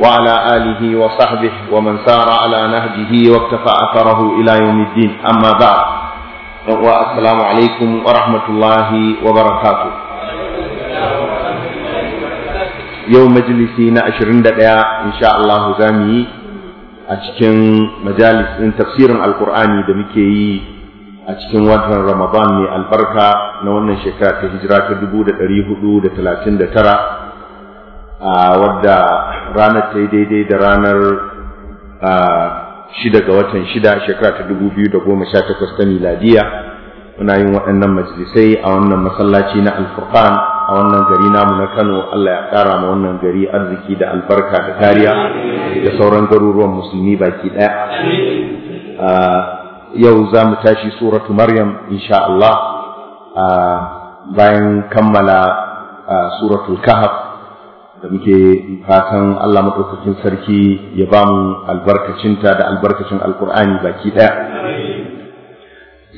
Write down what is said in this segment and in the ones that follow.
وعلى آله وصحبه ومن سار على نهجه واقتفى أثره إلى يوم الدين أما بعد والسلام عليكم ورحمة الله وبركاته يوم مجلسي نأشرين دقيا إن شاء الله زامي أشكن مجالس تفسير القرآن دمكي a cikin watan Ramadan ne albarka na wannan shekara ta hijira ta dubu da ɗari hudu da talatin da tara wadda ranar ta yi daidai da ranar shida ga watan shida shekara ta dubu biyu da goma sha takwas ta miladiya muna yin waɗannan majalisai a wannan masallaci na alfurqan a wannan gari namu na kano allah ya ƙara ma wannan gari arziki da albarka da kariya da sauran garuruwan musulmi baki ɗaya yau za mu tashi suratu maryam insha allah bayan kammala suratul kahf da muke fatan Allah maɗaukakin sarki ya ba mu albarkacinta da albarkacin alkur'ani baki ɗaya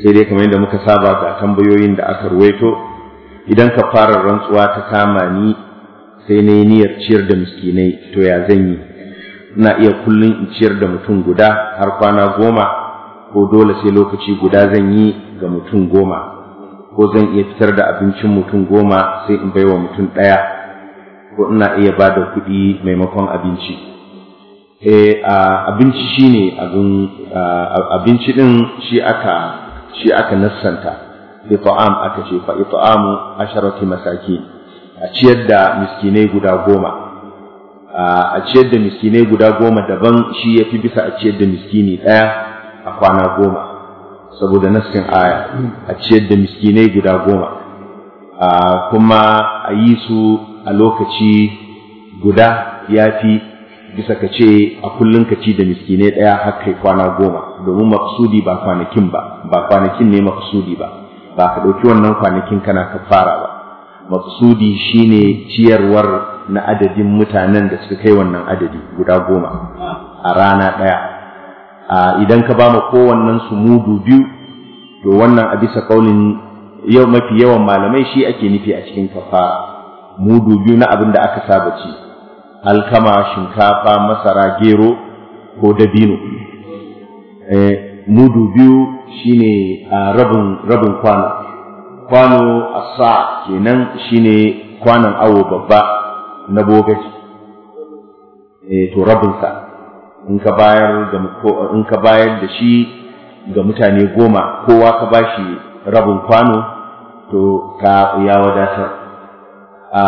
sai dai kamar yadda muka saba ga tambayoyin da aka ruwaito idan ka fara rantsuwa ta kama ni sai na yi niyyar ciyar da miskinai to ya zan yi ina iya kullum in ciyar da mutum guda har kwana goma ko dole sai lokaci guda zan yi ga mutum goma ko zan iya fitar da abincin mutum goma sai in baiwa mutum ɗaya ko ina iya ba da kuɗi maimakon abinci eh, abinci shi ne abinci ɗin shi aka shi aka nassanta fa’am aka ce fa a asharati masaki. a ciyar da miskinai guda goma a ciyar da miskinai guda goma daban shi ya fi bisa a ciyar da miskini ɗaya a kwana goma saboda nassin aya a ciyar da miskinai guda goma kuma a yi su a lokaci guda ya fi bisa ka ce a kullum ka ci da miskinai ɗaya har kai kwana goma domin maksudi ba kwanakin ba ba kwanakin ne maksudi ba ba ka ɗauki wannan kwanakin kana ka fara ba maksudi shine ciyarwar na adadin mutanen da suka kai wannan adadi guda goma a rana ɗaya idan ka ba ma kowannen su mudu biyu to wannan a bisa kaunin yau mafi yawan malamai shi ake nufi a cikin kafara mudu biyu na abin da aka saba ci alkama shinkafa masara gero ko dabino eh, mudu biyu shine rabin rabin kwano kwano asa kenan shine kwanon awo babba na bogaci eh, to rabinsa in ka bayar da in ka bayar da shi ga mutane goma kowa ka bashi rabin kwano to ka ya wadatar A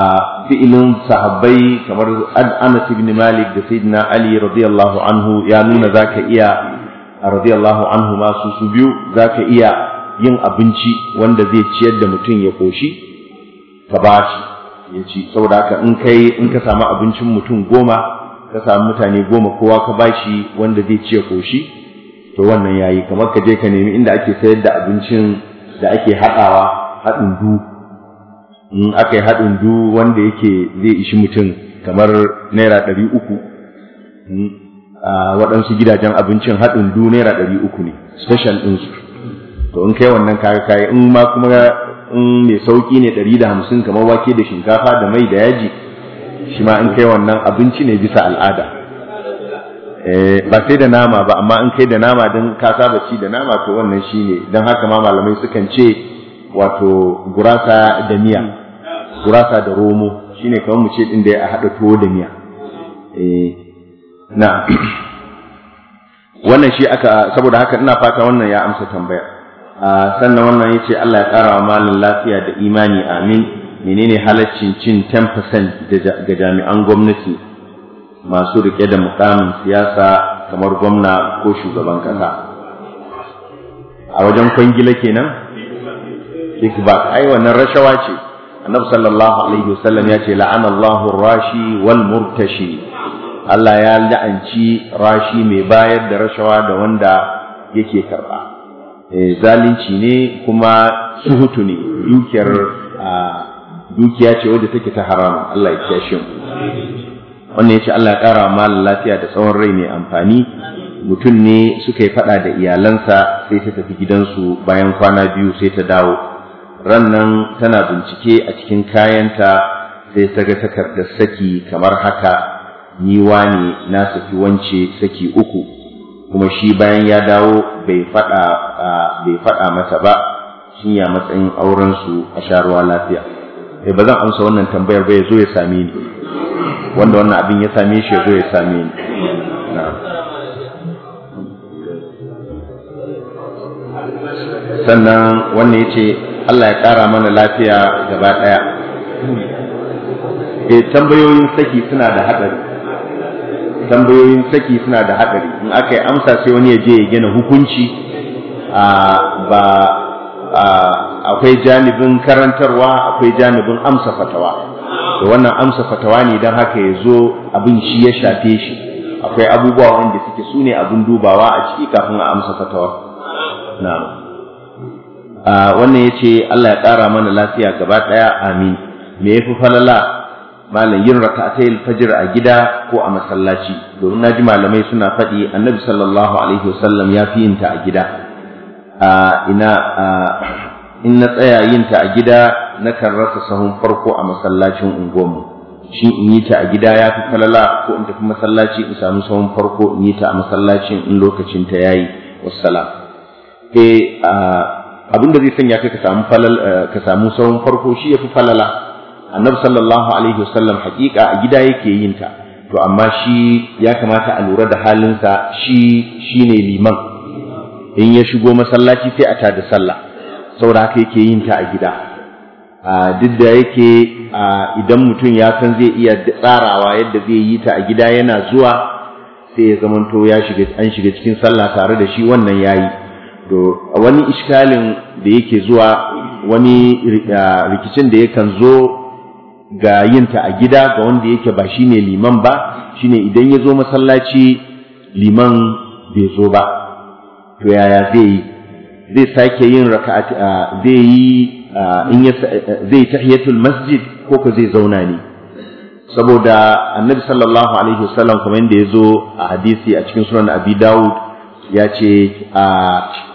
fi'ilin sahabbai kamar Anas ibn Malik da Sayyidina Ali radiyallahu anhu ya nuna zaka iya radiyallahu anhu ma su su biyu zaka iya yin abinci wanda zai ciyar da mutum ya koshi ka bashi ya ci saboda haka in kai in ka samu abincin mutum goma ka samu mutane goma kowa ka bashi wanda zai ci ya koshi to wannan yayi kamar ka je ka nemi inda ake sayar da abincin da ake haɗawa haɗin du in aka yi haɗin du wanda yake zai ishi mutum kamar naira ɗari uku hmm, a waɗansu gidajen abincin haɗin du naira ɗari uku ne special su to in kai wannan kaga kayi in ma kuma in mai sauƙi ne ɗari da hamsin kamar wake da shinkafa da mai da yaji shi ma in kai wannan abinci ne bisa al'ada eh, ba sai da nama ba amma in kai da nama don ka saba ci da nama to wannan shine, don haka ma malamai sukan ce wato gurasa da miya gurasa da romo shine kamar mu ce din da ya haɗa tuwo da miya eh na wannan shi aka saboda haka ina fata wannan ya amsa tambaya sannan wannan yace Allah ya ƙara wa malin lafiya da imani amin menene halaccin cin 10% ga jami'an gwamnati masu rike da mukamin siyasa kamar gwamna ko shugaban kasa a wajen kwangila kenan ikbar ai wannan rashawa ce annabi sallallahu alaihi wasallam ya ce la'ana rashi wal murtashi Allah ya la'anci rashi mai bayar da rashawa da wanda yake karba eh, zalunci ne kuma suhutu ne dukiyar dukiya ce wadda take ta harama Allah ya kiyashe mu wannan yace Allah ya kara mal lafiya da tsawon rai mai amfani mutum ne suka yi fada da iyalansa sai ta tafi gidansu bayan kwana biyu sai ta dawo rannan tana bincike a cikin kayanta sai ta ga takardar saki kamar haka ni wani na saki wance saki uku kuma shi bayan ya dawo bai faɗa bai faɗa mata ba shi ya matsayin auren su a sharuwa lafiya eh ba zan amsa wannan tambayar ba ya zo ya same ni wanda wannan abin ya same shi ya zo ya same ni sannan wannan yace Allah ya ƙara mana lafiya gaba ɗaya eh tambayoyin saki suna da haɗari tambayoyin saki suna da haɗari in aka yi amsa sai wani ya je ya gina hukunci a ba akwai janibin karantarwa akwai janibin amsa fatawa da wannan amsa fatawa ne don haka ya zo abin shi ya shafe shi akwai abubuwa wanda suke sune abin dubawa a ciki kafin a amsa fatawa na'am wannan ya ce Allah ya ƙara mana lafiya gaba ɗaya amin me ya fi falala malam yin raka raka'atai fajir a gida ko a masallaci domin na ji malamai suna faɗi annabi sallallahu alaihi wasallam ya fi yin a gida ina in na tsaya yin ta a gida na kan rasa sahun farko a masallacin unguwarmu shi in yi ta a gida ya fi falala ko in tafi masallaci in samu sahun farko in yi ta a masallacin in lokacin ta yayi wassalam eh abin da zai sanya kai ka samu falal eh, ka samu sauran farko shi yafi falala annabi sallallahu alaihi wasallam haƙiƙa a gida yake yin ta to amma shi ya kamata a lura da halinsa shi shine liman in ya shigo masallaci sai a tada sallah saboda haka yake yin ta a gida duk da yake idan mutum ya san zai iya tsarawa yadda zai yi ta a gida yana zuwa sai ya zamanto ya shiga an shiga cikin sallah tare da shi wannan yayi do wani iskalin da yake zuwa wani rikicin da yakan zo ga yinta a gida ga wanda yake ba shine liman ba shine idan ya zo masallaci liman bai zo ba to yaya zai yi zai sake yin raka'at zai yi in ya zai tahiyatul masjid ko ko zai zauna ne saboda annabi sallallahu alaihi wasallam kamar yadda ya zo a hadisi a cikin sunan abi daud ya ce a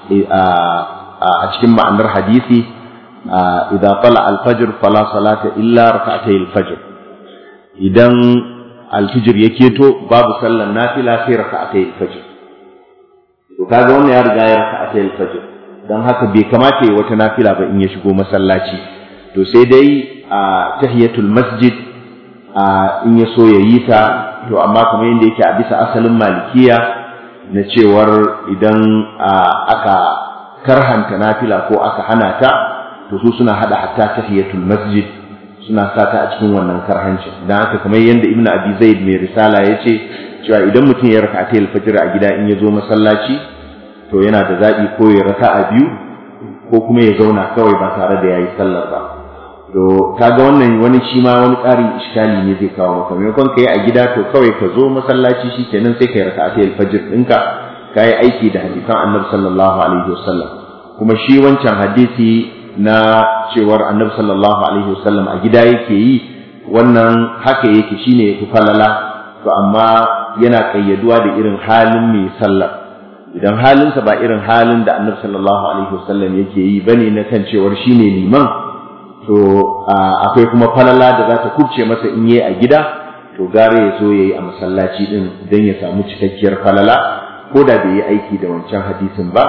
a cikin ma'anar hadisi idza tala al-fajr fala salata illa rak'atay al-fajr idan al-fajr ya keto babu sallar nafila sai rak'atay al-fajr to kaga wannan ya riga ya rak'atay al-fajr dan haka bai kamata yi wata nafila ba in ya shigo masallaci to sai dai a tahiyatul masjid in ya so ya yi ta to amma kamar yanda yake a bisa asalin malikiya na cewar idan aka karhanta nafila ko aka hana ta to su suna hada hatta tahiyatul masjid suna sa a cikin wannan karhanci. dan haka kamar yanda ibnu abi zaid mai risala yace cewa idan mutum ya raka ta alfajr a gida in ya zo masallaci to yana da zabi ko ya raka a biyu ko kuma ya zauna kawai ba tare da yayi sallar ba to kaga wannan wani shi ma wani ƙarin iskali ne zai kawo maka maimakon ka yi a gida to kawai ka zo masallaci shi kenan sai ka yi raka'a sai alfajir ɗinka ka yi aiki da hadisan annabi sallallahu alaihi wasallam kuma shi wancan hadisi na cewar annabi sallallahu alaihi wasallam a gida yake yi wannan haka yake shine ya fi falala to amma yana kayyaduwa da irin halin mai sallar idan halinsa ba irin halin da annabi sallallahu alaihi wasallam yake yi bane na kan cewar shine liman to akwai kuma falala da za ta kubce masa in yi a gida to gare ya zo ya yi a masallaci din don ya samu cikakkiyar falala ko da bai yi aiki da wancan hadisin ba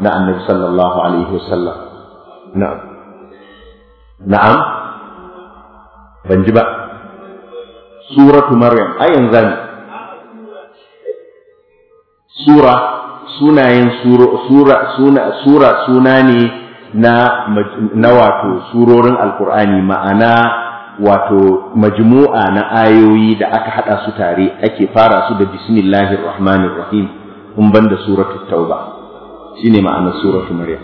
na annabi sallallahu alaihi wasallam na'am na'am ban ji ba suratu maryam ayan zani sura sunayen sura sura suna ne na na wato surorin alkur'ani ma'ana wato majmu'a na ayoyi da aka hada su tare ake fara su da bismillahir rahmanir rahim in banda suratul tauba shine ma'anar suratul maryam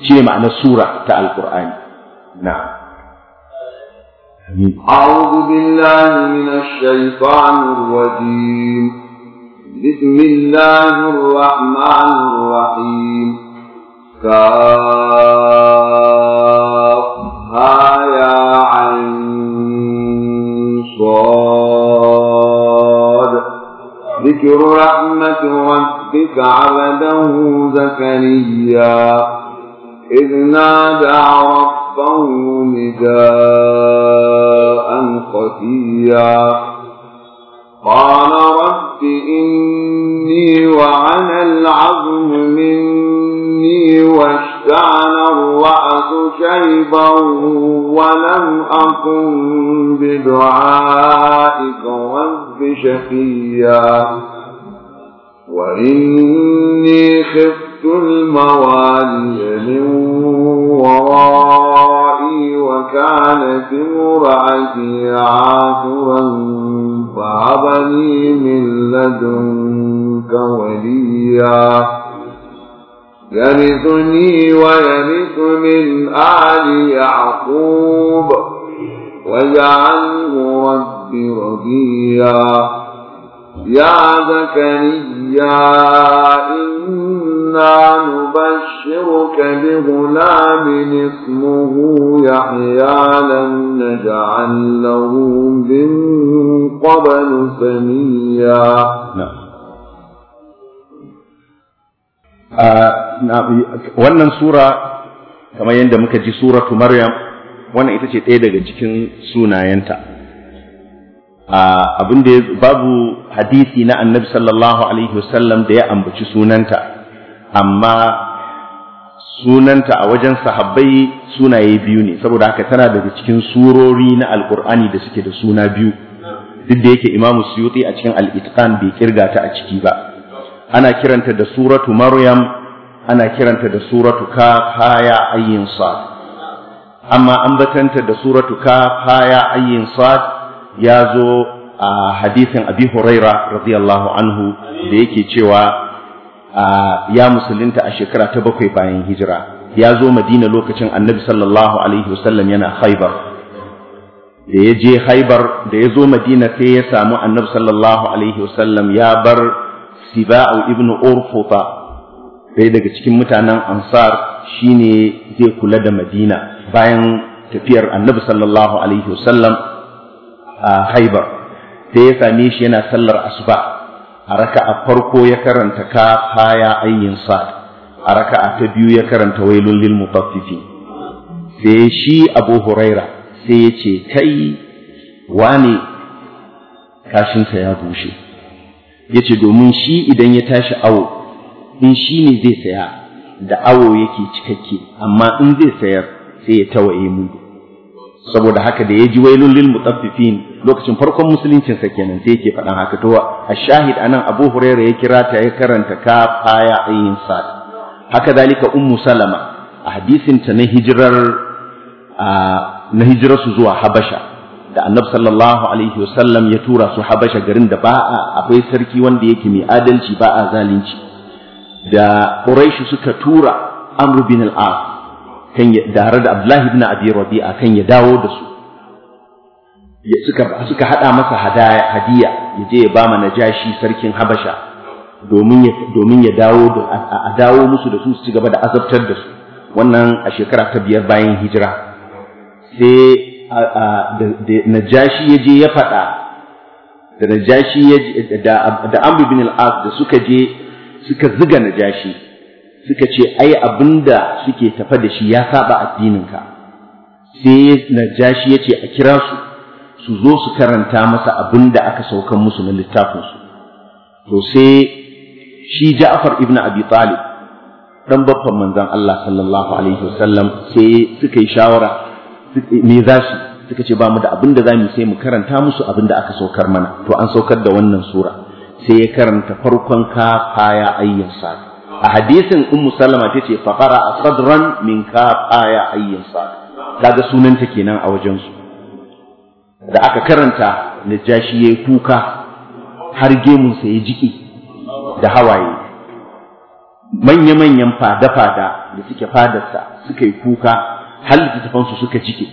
shine ma'anar sura ta alkur'ani na أعوذ بالله من الشيطان الرجيم بسم الله الرحمن الرحيم كافها يا عين ذكر رحمة ربك عبده زكريا إذ نادى ربه نداء خفيا قال رب رب إني وعن العظم مني واشتعل الرأس شيبا ولم أكن بدعائك رب شقيا وإني خفت الموالي من ورائي وكانت امرأتي عاشرا فعبني من لدنك وليا يرثني ويرث من آل يعقوب واجعله رب رضيا يا زكريا إن إنا نبشرك بغلام اسمه يحيى لم نجعل له من قبل سميا wannan sura kamar yadda muka ji suratu maryam wannan ita ce ɗaya daga cikin sunayenta abin da babu hadisi na annabi sallallahu alaihi wasallam da ya ambaci sunanta amma sunanta a wajen sahabbai sunaye biyu ne saboda haka tana daga cikin surori na alkur'ani da suke da suna biyu duk da yake imamu suyuti a cikin al'itqan bai kirga ta a ciki ba ana kiranta da suratu maryam ana kiranta da suratu haya ayyin sad amma an batanta da suratu haya ayyin sad ya zo a hadisin abi huraira radiyallahu anhu da yake cewa ya musulunta a shekara ta bakwai bayan hijira ya zo madina lokacin annabi sallallahu alaihi wasallam yana haibar da ya je haibar da ya zo madina sai ya samu annabi sallallahu alaihi wasallam ya bar siba'u ibnu urfuta ɗaya daga cikin mutanen ansar shine zai kula da madina bayan tafiyar annabi sallallahu alaihi wasallam a haibar sai ya same shi yana sallar asuba a raka'a farko ya karanta ka kaya ayyin sa a a ta biyu ya karanta wailul lil mutaffifi sai shi Abu Huraira sai ya ce kai wani kashinsa ya bushe yace domin shi idan ya tashi awo in shi ne zai saya da awo yake cikakke amma in zai sayar sai ya tawaye mudu saboda haka da ya ji wailul lil mutaffifin lokacin farkon musuluncin sa kenan sai yake faɗan haka to ash-shahid anan Abu Hurairah ya kira ta ya karanta ka faya ayin sa haka dalika ummu salama a hadisin ta na hijrar na hijrar su zuwa habasha da annabi sallallahu alaihi wasallam ya tura su habasha garin da ba akwai sarki wanda yake mai adalci ba a zalunci da quraishi suka tura amru bin al-as kan ya dare da Abdullahi ibn Abi Rabi'a kan ya dawo da su suka suka hada masa hadaya hadiya ya je ya ba ma Najashi sarkin Habasha domin ya domin ya dawo da a dawo musu da su su ci gaba da azabtar da su wannan a shekara ta biyar bayan hijira sai Najashi ya je ya faɗa da Najashi ya da Amr ibn al-As da suka je suka ziga Najashi suka ce ai abinda suke tafa da shi ya saba addininka sai najashi ya ce a kira su su zo su karanta masa da aka saukan musu na littafinsu to sai shi ja'afar ibn abi talib dan babban manzon Allah sallallahu alaihi wasallam sai suka yi shawara me za su suka ce ba mu da abinda za mu sai mu karanta musu abinda aka saukar mana to an saukar da wannan sura sai ya karanta farkon ka faya ayyan a hadisin ummu sallama ta ce a asadran min ka aya ayyin sa kaga sunanta kenan a wajen su da aka karanta najashi yayi kuka har gemun sa ya jiki da hawaye manya manyan fada fada da suke fadarsa suka yi kuka har littattafan su suka jike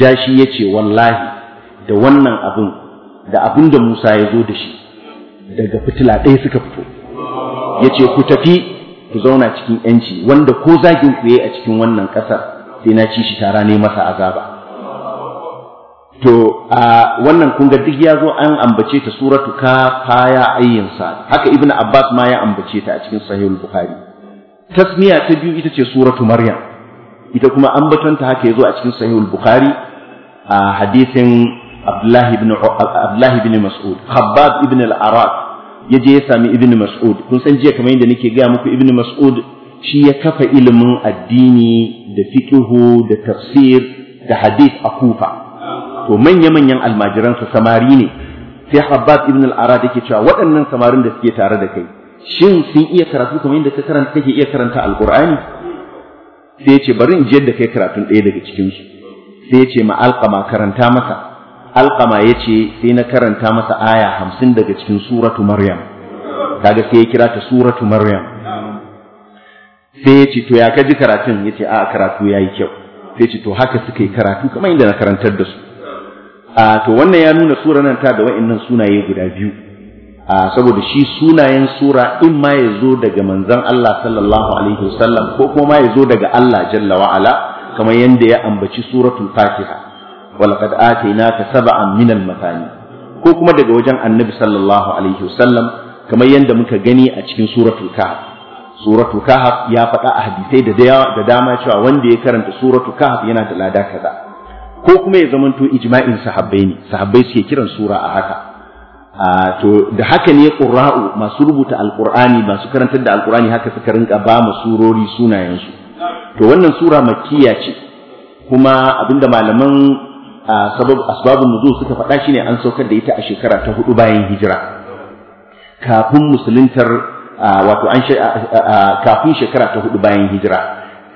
ya ce wallahi da wannan abin da abin da Musa ya zo da shi daga fitila ɗaya suka fito Ya ce ku tafi ku zauna cikin yanci wanda ko zagin ku yayi a cikin wannan ƙasar, sai na ci shi tara ne masa azaba to a wannan kun ga ya zo an ambace ta suratu ka faya ayyin haka ibnu abbas ma ya ambace ta a cikin sahihul bukhari tasmiya ta biyu ita ce suratu maryam ita kuma ta haka yazo a cikin sahihul bukhari a hadisin abdullahi ibn mas'ud khabbab ibn al arab ya je ya sami ibn mas'ud kun san jiya kamar yadda nake gaya muku ibn mas'ud shi ya kafa ilimin addini da fiqhu da tafsir da hadith a kufa to manya manyan almajiran su samari ne sai Habbab ibn al-Arad yake cewa waɗannan samarin da suke tare da kai shin sun iya karatu kamar yadda ka karanta kake iya karanta alqur'ani sai ya ce bari in je da kai karatun ɗaya daga cikin su sai ya ce ma alqama karanta masa ya ce sai na karanta masa aya hamsin daga cikin suratu maryam kaga sai ya kira ta suratu maryam sai ya ce to ya kaji karatun Ya ce a karatu ya yi kyau sai ce to haka suka yi karatu kamar inda na karantar da su a to wannan ya nuna sura nan ta da wa'annan sunaye guda biyu a saboda shi sunayen sura in ma ya zo daga manzon Allah sallallahu alaihi wasallam ko kuma ya zo daga Allah jalla wa'ala kamar yadda ya ambaci suratul fatiha walaqad atainaka sab'an min al-masani ko kuma daga wajen annabi sallallahu alaihi wasallam kamar yadda muka gani a cikin suratul kahf suratul kahf ya faɗa a hadisai da dama cewa wanda ya karanta suratul kahf yana da lada kaza ko kuma ya zamanto ijma'in sahabbai ne sahabbai suke kiran sura a haka to da haka ne qurra'u masu rubuta alqur'ani masu karantar da alqur'ani haka suka rinka ba mu surori sunayensu to wannan sura makkiya ce kuma abinda malaman sabab asbabun nuzul suka faɗa shi ne an saukar da ita a shekara ta hudu bayan hijira kafin musuluntar wato an kafin shekara ta hudu bayan hijira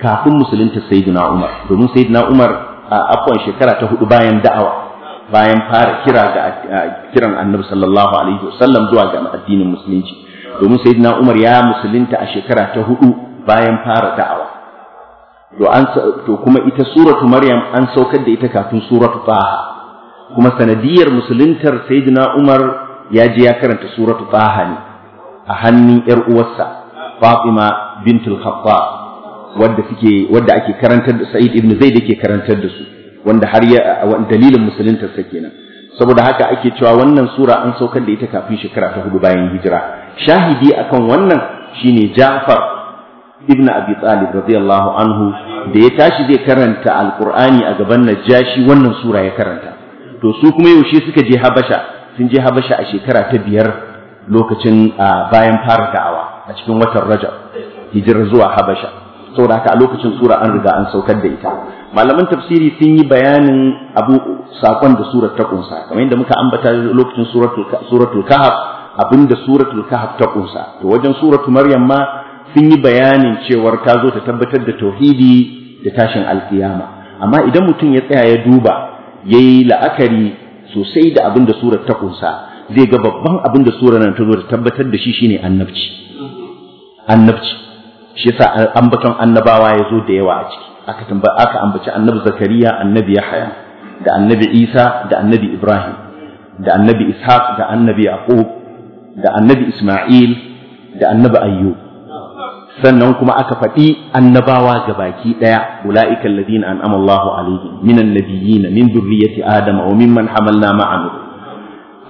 kafin musuluntar sayyidina Umar domin sayyidina Umar a afwan shekara ta hudu bayan da'awa bayan fara kira ga kiran Annabi sallallahu alaihi wasallam zuwa ga addinin musulunci domin sayyidina Umar ya musulunta a shekara ta hudu bayan fara da'awa to an to kuma ita suratu maryam an saukar da ita kafin suratu taha kuma sanadiyar musuluntar sayyidina umar ya je ya karanta suratu taha ne a hannun yar uwarsa fatima bintul khaffa wadda suke wadda ake karantar da sa'id ibn zaid yake karantar da su wanda har ya dalilin musuluntar sa kenan saboda haka ake cewa wannan sura an saukar da ita kafin shekara ta hudu bayan hijira shahidi akan wannan shine Ja'far ibn Abi Talib radiyallahu anhu da ya tashi zai karanta alqur'ani a gaban najashi wannan sura ya karanta to su kuma yaushe suka je Habasha sun je Habasha a shekara ta biyar lokacin bayan fara da'awa a cikin watan Rajab Hijira zuwa Habasha saboda haka a lokacin sura an riga an saukar da ita malaman tafsiri sun yi bayanin abu sakon da surar ta kunsa kamar yadda muka ambata lokacin suratul suratul kahf abinda suratul kahf ta kunsa to wajen suratul maryam ma sun yi bayanin cewar ta zo ta tabbatar da tauhidi da tashin alkiyama amma idan mutum ya tsaya ya duba ya yi la'akari sosai da abin da surar ta kunsa zai ga babban abin da surar nan ta zo ta tabbatar da shi shine annabci annabci shi yasa ambaton annabawa ya zo da yawa a ciki aka tambaya aka ambaci annabi zakariya annabi yahaya da annabi isa da annabi ibrahim da annabi ishaq da annabi yaqub da annabi isma'il da annabi ayyub sannan kuma aka faɗi annabawa ga baki ɗaya ula'ika alladhina an'ama Allahu alaihim minan nabiyyin min dhurriyyati adam wa mimman hamalna ma'an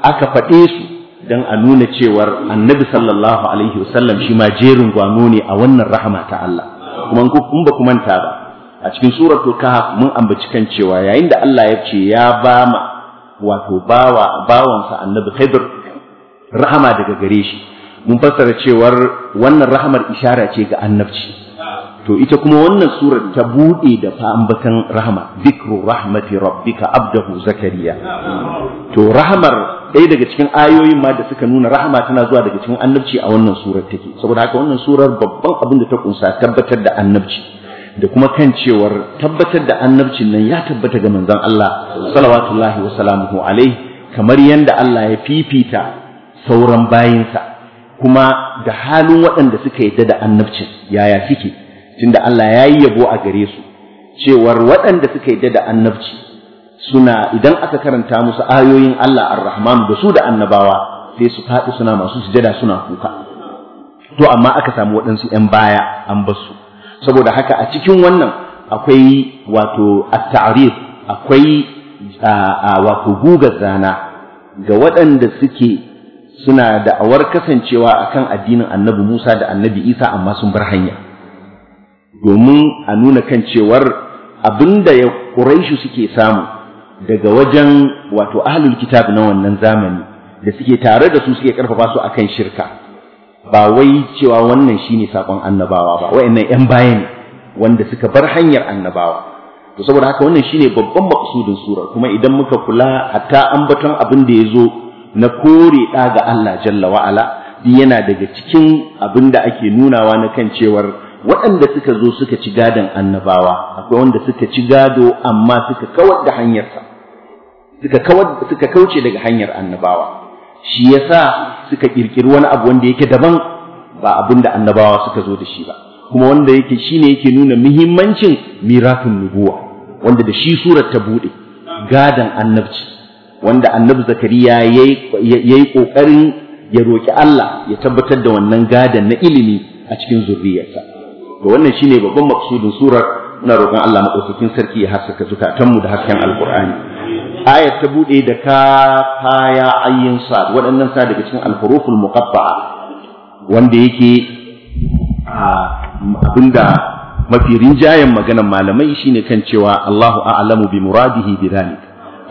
aka faɗe su dan a nuna cewar annabi sallallahu alaihi wasallam shi ma jerin gwano ne a wannan rahama ta Allah kuma kun ba ku manta ba a cikin suratul kahf mun ambaci kan cewa yayin da Allah ya ce ya ba ma wato bawa bawansa annabi Khidir rahama daga gare shi mun fassara cewar wannan rahamar ishara ce ga annabci to ita kuma wannan surar ta bude da fa ambatan rahama zikru rahmati rabbika abdahu zakariya to rahamar ɗaya daga cikin ayoyin ma da suka nuna rahama tana zuwa daga cikin annabci a wannan surar take saboda haka wannan surar babban abin da ta kunsa tabbatar da annabci da kuma kan cewar tabbatar da annabcin nan ya tabbata ga manzon Allah sallallahu wa sallam kamar yanda Allah ya fifita sauran bayinsa kuma da halin waɗanda suka yadda da annabcin yaya suke tunda Allah ya yi yabo a gare su cewar waɗanda suka yadda da annabci suna idan aka karanta musu ayoyin Allah ar-Rahman da su da annabawa sai su faɗi suna masu sujada suna kuka to amma aka samu waɗansu ‘yan baya an basu saboda haka a cikin wannan akwai wato at-ta'rif akwai wato gugar zana ga waɗanda suke suna da awar kasancewa a kan addinin annabi Musa da annabi Isa amma sun bar hanya domin a nuna kan cewar abinda ya Quraishu suke samu daga wajen wato ahlul kitab na wannan zamani da suke tare da su suke karfafa su akan shirka ba wai cewa wannan shine sakon annabawa ba wayannan yan baya ne wanda suka bar hanyar annabawa to saboda haka wannan shine babban maqsudin surar kuma idan muka kula hatta ambaton abin da zo. na kore ɗa ga Allah jalla wa'ala yana daga cikin abin ake nunawa na kan cewar waɗanda suka zo suka ci gadon annabawa akwai wanda suka ci gado amma suka kawar da hanyarsa suka kauce daga hanyar annabawa shi yasa suka ƙirƙiri wani abu wanda yake daban ba abin annabawa suka zo da shi ba kuma wanda yake shine yake nuna muhimmancin mirafin nubuwa wanda da shi surar ta buɗe, gadon annabci wanda annabi zakariya ya yi ƙoƙarin ya roƙi Allah ya tabbatar da wannan gadon na ilimi a cikin zurriyarsa to wannan shine babban maksudin surar muna roƙon Allah maɗaukakin sarki ya haskaka zukatanmu da hasken alƙur'ani ayat ta buɗe da ka kaya ayyin sa waɗannan sa daga cikin alhuruful muqabba'a wanda yake abinda mafi rinjayen maganar malamai shine kan cewa Allahu a'lamu bi muradihi bi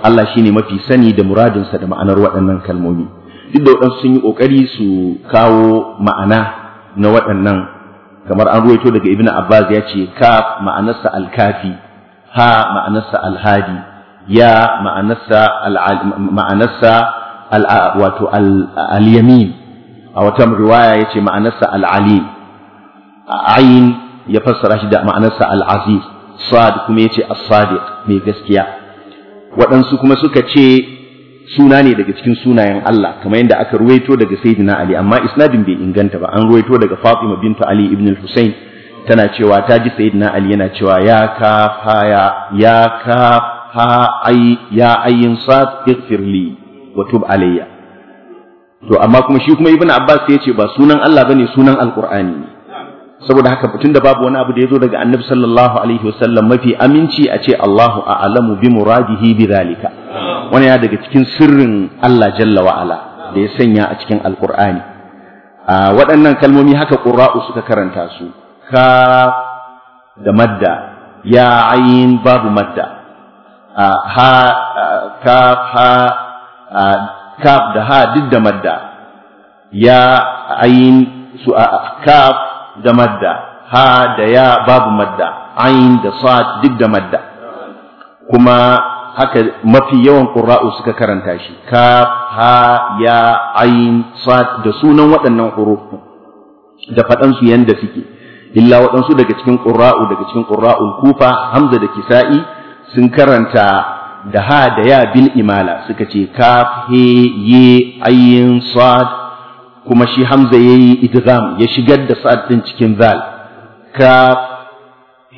Allah shine mafi sani da muradinsa da ma'anar waɗannan kalmomi duk da waɗansu sun yi ƙoƙari su kawo ma'ana na waɗannan kamar an ruwaito daga Ibn abbas ya ce ka ma'anarsa alkafi ha ma'anarsa alhadi ya ma'anarsa wato al a wata riwaya ya ce ma'anarsa al-alim ayin ya fassara shi da ma'anarsa al-aziz sad kuma ya ce as-sadiq mai gaskiya waɗansu kuma suka ce suna ne daga cikin sunayen Allah kamar yadda aka ruwaito daga Sayyidina Ali amma isnadin bai inganta ba an ruwaito daga Fatima bintu Ali ibn al-Husayn tana cewa ta ji Sayyidina Ali yana cewa ya ka ya ya ka ha ai ya ayin sat ighfirli wa tub alayya to amma kuma shi kuma Ibn Abbas ya ce ba sunan Allah bane sunan Al-Qur'ani ne saboda haka tun da babu wani abu da ya zo daga annabi sallallahu alaihi wasallam mafi aminci a ce Allahu a'lamu bi muradihi bi zalika wani ya daga cikin sirrin Allah jalla wa ala da ya sanya a cikin alqur'ani a waɗannan kalmomi haka qurra'u suka karanta su ka da madda ya ayin babu madda ha ka ha ka da ha duk da madda ya ayin su kaf da madda ha da ya babu madda ayin da sad duk da madda kuma haka mafi yawan ƙura'u suka karanta shi ka ha ya ayin sa'at da sunan waɗannan huruf da faɗansu su yanda suke illa waɗansu daga cikin qurra'u daga cikin kufa hamza da kisa'i sun karanta da ha da ya bil imala suka ce ka he ye ayin sa'at kuma shi hamza ya yi idgham ya shigar da sa'ad ɗin cikin zal ka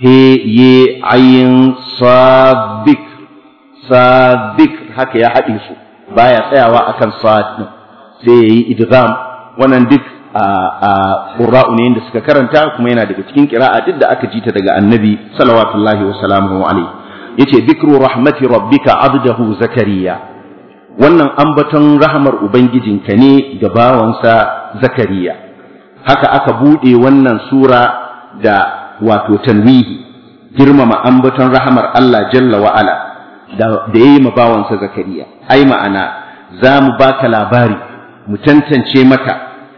he ye ayin sadik sadik haka ya haɗe su baya tsayawa akan sa'ad din sai ya yi idgham wannan duk a ƙura'u ne da suka karanta kuma yana daga cikin ƙira'a duk da aka jita daga annabi salawatullahi wa sallam yace dhikru rahmati rabbika abdahu zakariya wannan ambaton rahamar ka ne ga bawansa zakariya haka aka buɗe wannan sura da wato tanwihi girmama ambaton rahamar Allah jalla wa'ala da ya yi ma bawansa zakariya ai ma'ana za mu baka labari mu tantance maka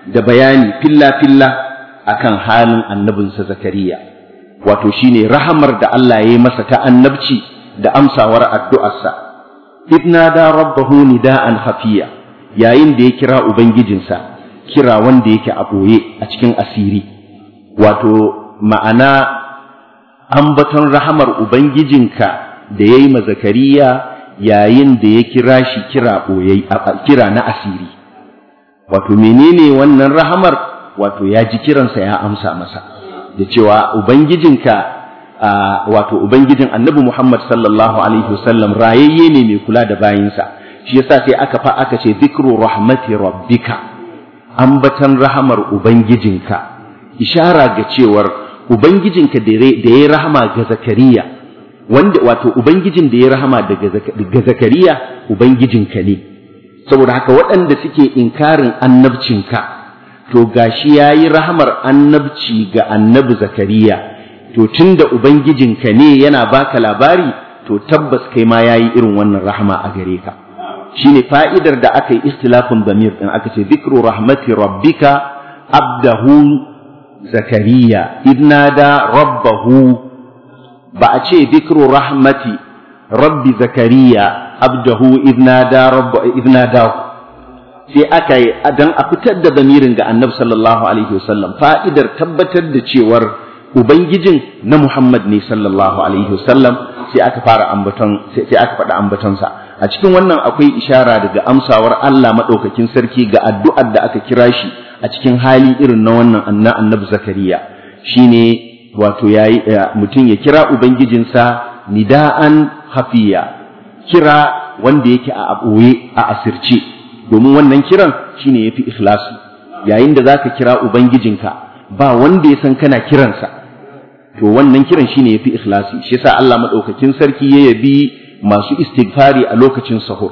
da bayani filla-filla akan halin annabinsa zakariya wato shine rahamar da Allah ya yi masa ta annabci da amsawar addu'arsa idnada rabbahu nida'an khafiya yayin da ya kira ubangijinsa kira wanda yake a boye a cikin asiri wato ma'ana ambaton rahamar ubangijinka da yayi ma zakariya yayin da ya kira shi kira boye kira na asiri wato menene wannan rahamar wato ya ji kiransa ya amsa masa da cewa ubangijinka wato ubangijin annabi Muhammad sallallahu alaihi wasallam rayayye ne mai kula da bayinsa shi yasa sai aka fa aka ce zikru rahmati rabbika ambatan rahamar ubangijinka ishara ga cewar ubangijinka da ya rahama ga zakariya wanda wato ubangijin da ya rahama ga zakariya ubangijinka ne saboda haka waɗanda suke inkarin annabcinka to gashi yayi rahamar annabci ga annabi zakariya to tun tunda ubangijinka ne yana baka labari to tabbas kai ma yayi irin wannan rahama a gare ka shine fa'idar da aka yi istilafin damir din aka ce zikru rahmati rabbika abdahu zakariya da rabbahu ba a ce zikru rahmati rabbi zakariya abdahu idnada rabba sai aka yi dan a fitar da damirin ga annabi sallallahu alaihi wasallam fa'idar tabbatar da cewar ubangijin na Muhammad ne sallallahu alaihi wasallam sai aka fara ambaton sai aka faɗi ambatonsa a cikin wannan akwai ishara daga amsawar Allah madaukakin sarki ga addu'ar da aka kira shi a cikin hali irin na wannan anna annabi Zakariya shine wato yayi eh, mutum ya kira ubangijinsa nida'an hafiya kira wanda yake a aboye a asirce domin wannan kiran shine yafi ikhlasi yayin da zaka kira ubangijinka ba wanda ya san kana kiransa to wannan kiran shine yafi ikhlasi shi yasa Allah madaukakin sarki ya yabi masu istighfari a lokacin sahur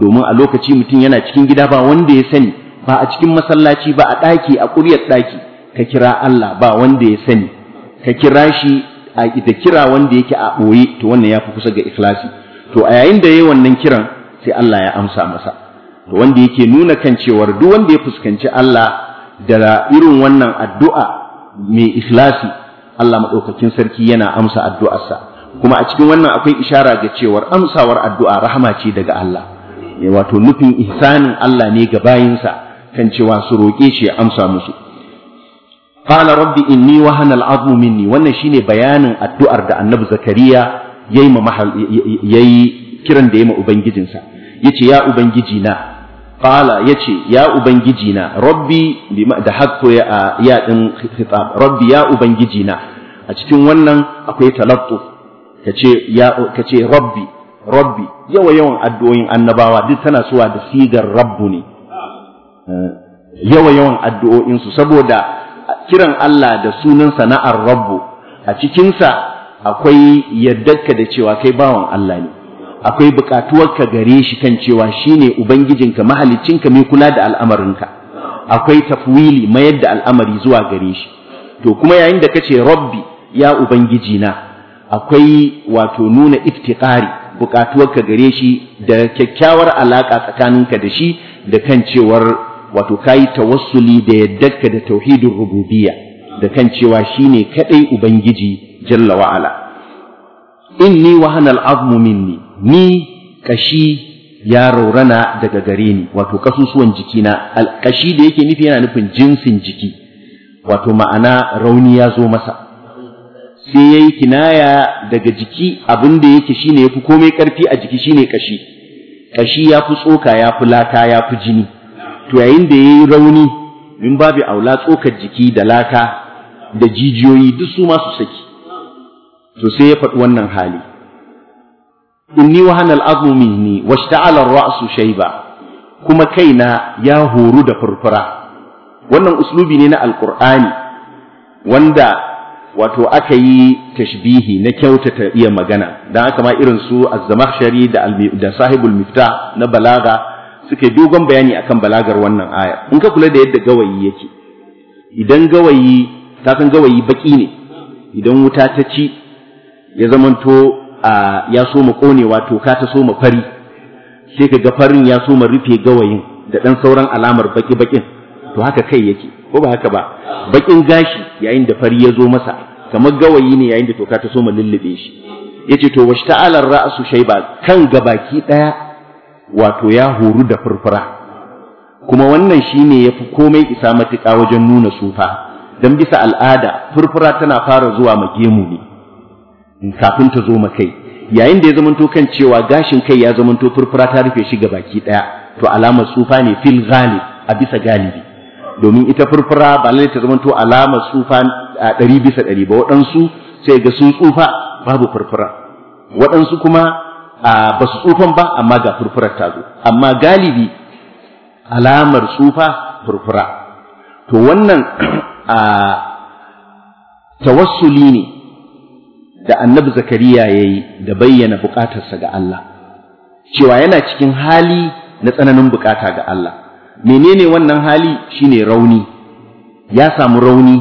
domin a lokaci mutum yana cikin gida ba wanda ya sani ba a cikin masallaci ba a ɗaki a ƙuryar ɗaki ka kira Allah ba wanda ya sani ka kira shi a da kira wanda yake a boye to wannan ya kusa ga ikhlasi to a yayin da ya wannan kiran sai Allah ya amsa masa to wanda yake nuna kan cewar duk wanda ya fuskanci Allah da irin wannan addu'a mai ikhlasi Allah madaukakin sarki yana amsa addu'arsa kuma a cikin wannan akwai ishara ga cewar amsawar addu'a rahama ce daga Allah wato nufin ihsanin Allah ne ga bayinsa kan cewa su roƙe shi ya amsa musu qala rabbi inni wahana al'azmu minni wannan shine bayanin addu'ar da annabi zakariya yayi ma yayi kiran da yayi ma ubangijinsa yace ya ubangiji na qala yace ya ubangiji na rabbi da hakko ya ya din khitab rabbi ya ubangiji na a cikin wannan akwai talattu kace ya kace rabbi rabbi yawa yawan addu'o'in annabawa duk tana suwa da sigar rabbu ne eh, yawa yawan addu'o'in su saboda kiran Allah da sunan sana'ar rabbu a cikin sa akwai yaddarka da cewa kai bawan Allah ne akwai ka gare shi kan cewa shi ne ubangijinka mahaliccinka mai kula da al'amarinka akwai tafwili mayar da al'amari zuwa gare shi to kuma yayin da kace rabbi ya ubangijina akwai wato nuna iftiqari ka gare shi da kyakkyawar alaƙa tsakaninka da shi da kan cewar wato kayi tawassuli da yaddarka da tauhidin rububiya, da kan cewa shi ne kaɗai ubangiji jalla wa'ala inni wahana al'azmu minni ni kashi ya raurana daga gare ni wato kasusuwan jikina alkashi da yake nufi yana nufin jinsin jiki wato ma'ana rauni ya zo masa sai yayi kinaya daga jiki abin da yake shine yafi komai karfi a jiki shine kashi kashi ya fi tsoka ya fi lata ya fi jini to yayin da yayi rauni in babu aula tsokar jiki da lata da jijiyoyi duk su ma su saki to sai ya faɗi wannan hali inni wa hanal azmu minni washta'ala ar-ra'su shayba kuma kaina ya horu da furfura wannan uslubi ne na alqur'ani wanda wato aka yi tashbihi na kyautata iya magana dan haka ma irin su az-zamakhshari da da sahibul miftah na balaga suke dogon bayani akan balagar wannan aya in ka kula da yadda gawayi yake idan gawayi ta san gawayi baki ne idan wuta ta ci ya zamanto ya so mu konewa toka ta so mu fari sai ka ga farin ya so mu rufe gawayin da dan sauran alamar baki bakin to haka kai yake ko ba haka ba bakin gashi yayin da fari ya zo masa kamar gawayi ne yayin da toka ta so mu lullube shi yace to wash ta'ala ra'su shayba kan gabaki daya wato ya horu da furfura kuma wannan shine fi komai isa matuƙa wajen nuna sufa dan bisa al'ada furfura tana fara zuwa magemu ne kafin ta zo makai yayin da ya zamanto kan cewa gashin kai ya zamanto furfura ta rufe shi baki daya to alamar tsufa ne fil ghalib a bisa galibi domin ita furfura ba lalle ta zamanto alamar tsufa a ɗari bisa ɗari ba waɗansu sai ga sun tsufa babu furfura waɗansu kuma ba su tsufan ba amma ga furfurar ta zo amma galibi alamar tsufa furfura to wannan tawassuli ne da annabi zakariya ya yi da bayyana bukatarsa ga Allah cewa yana cikin hali na tsananin bukata ga Allah menene wannan hali shine rauni ya samu rauni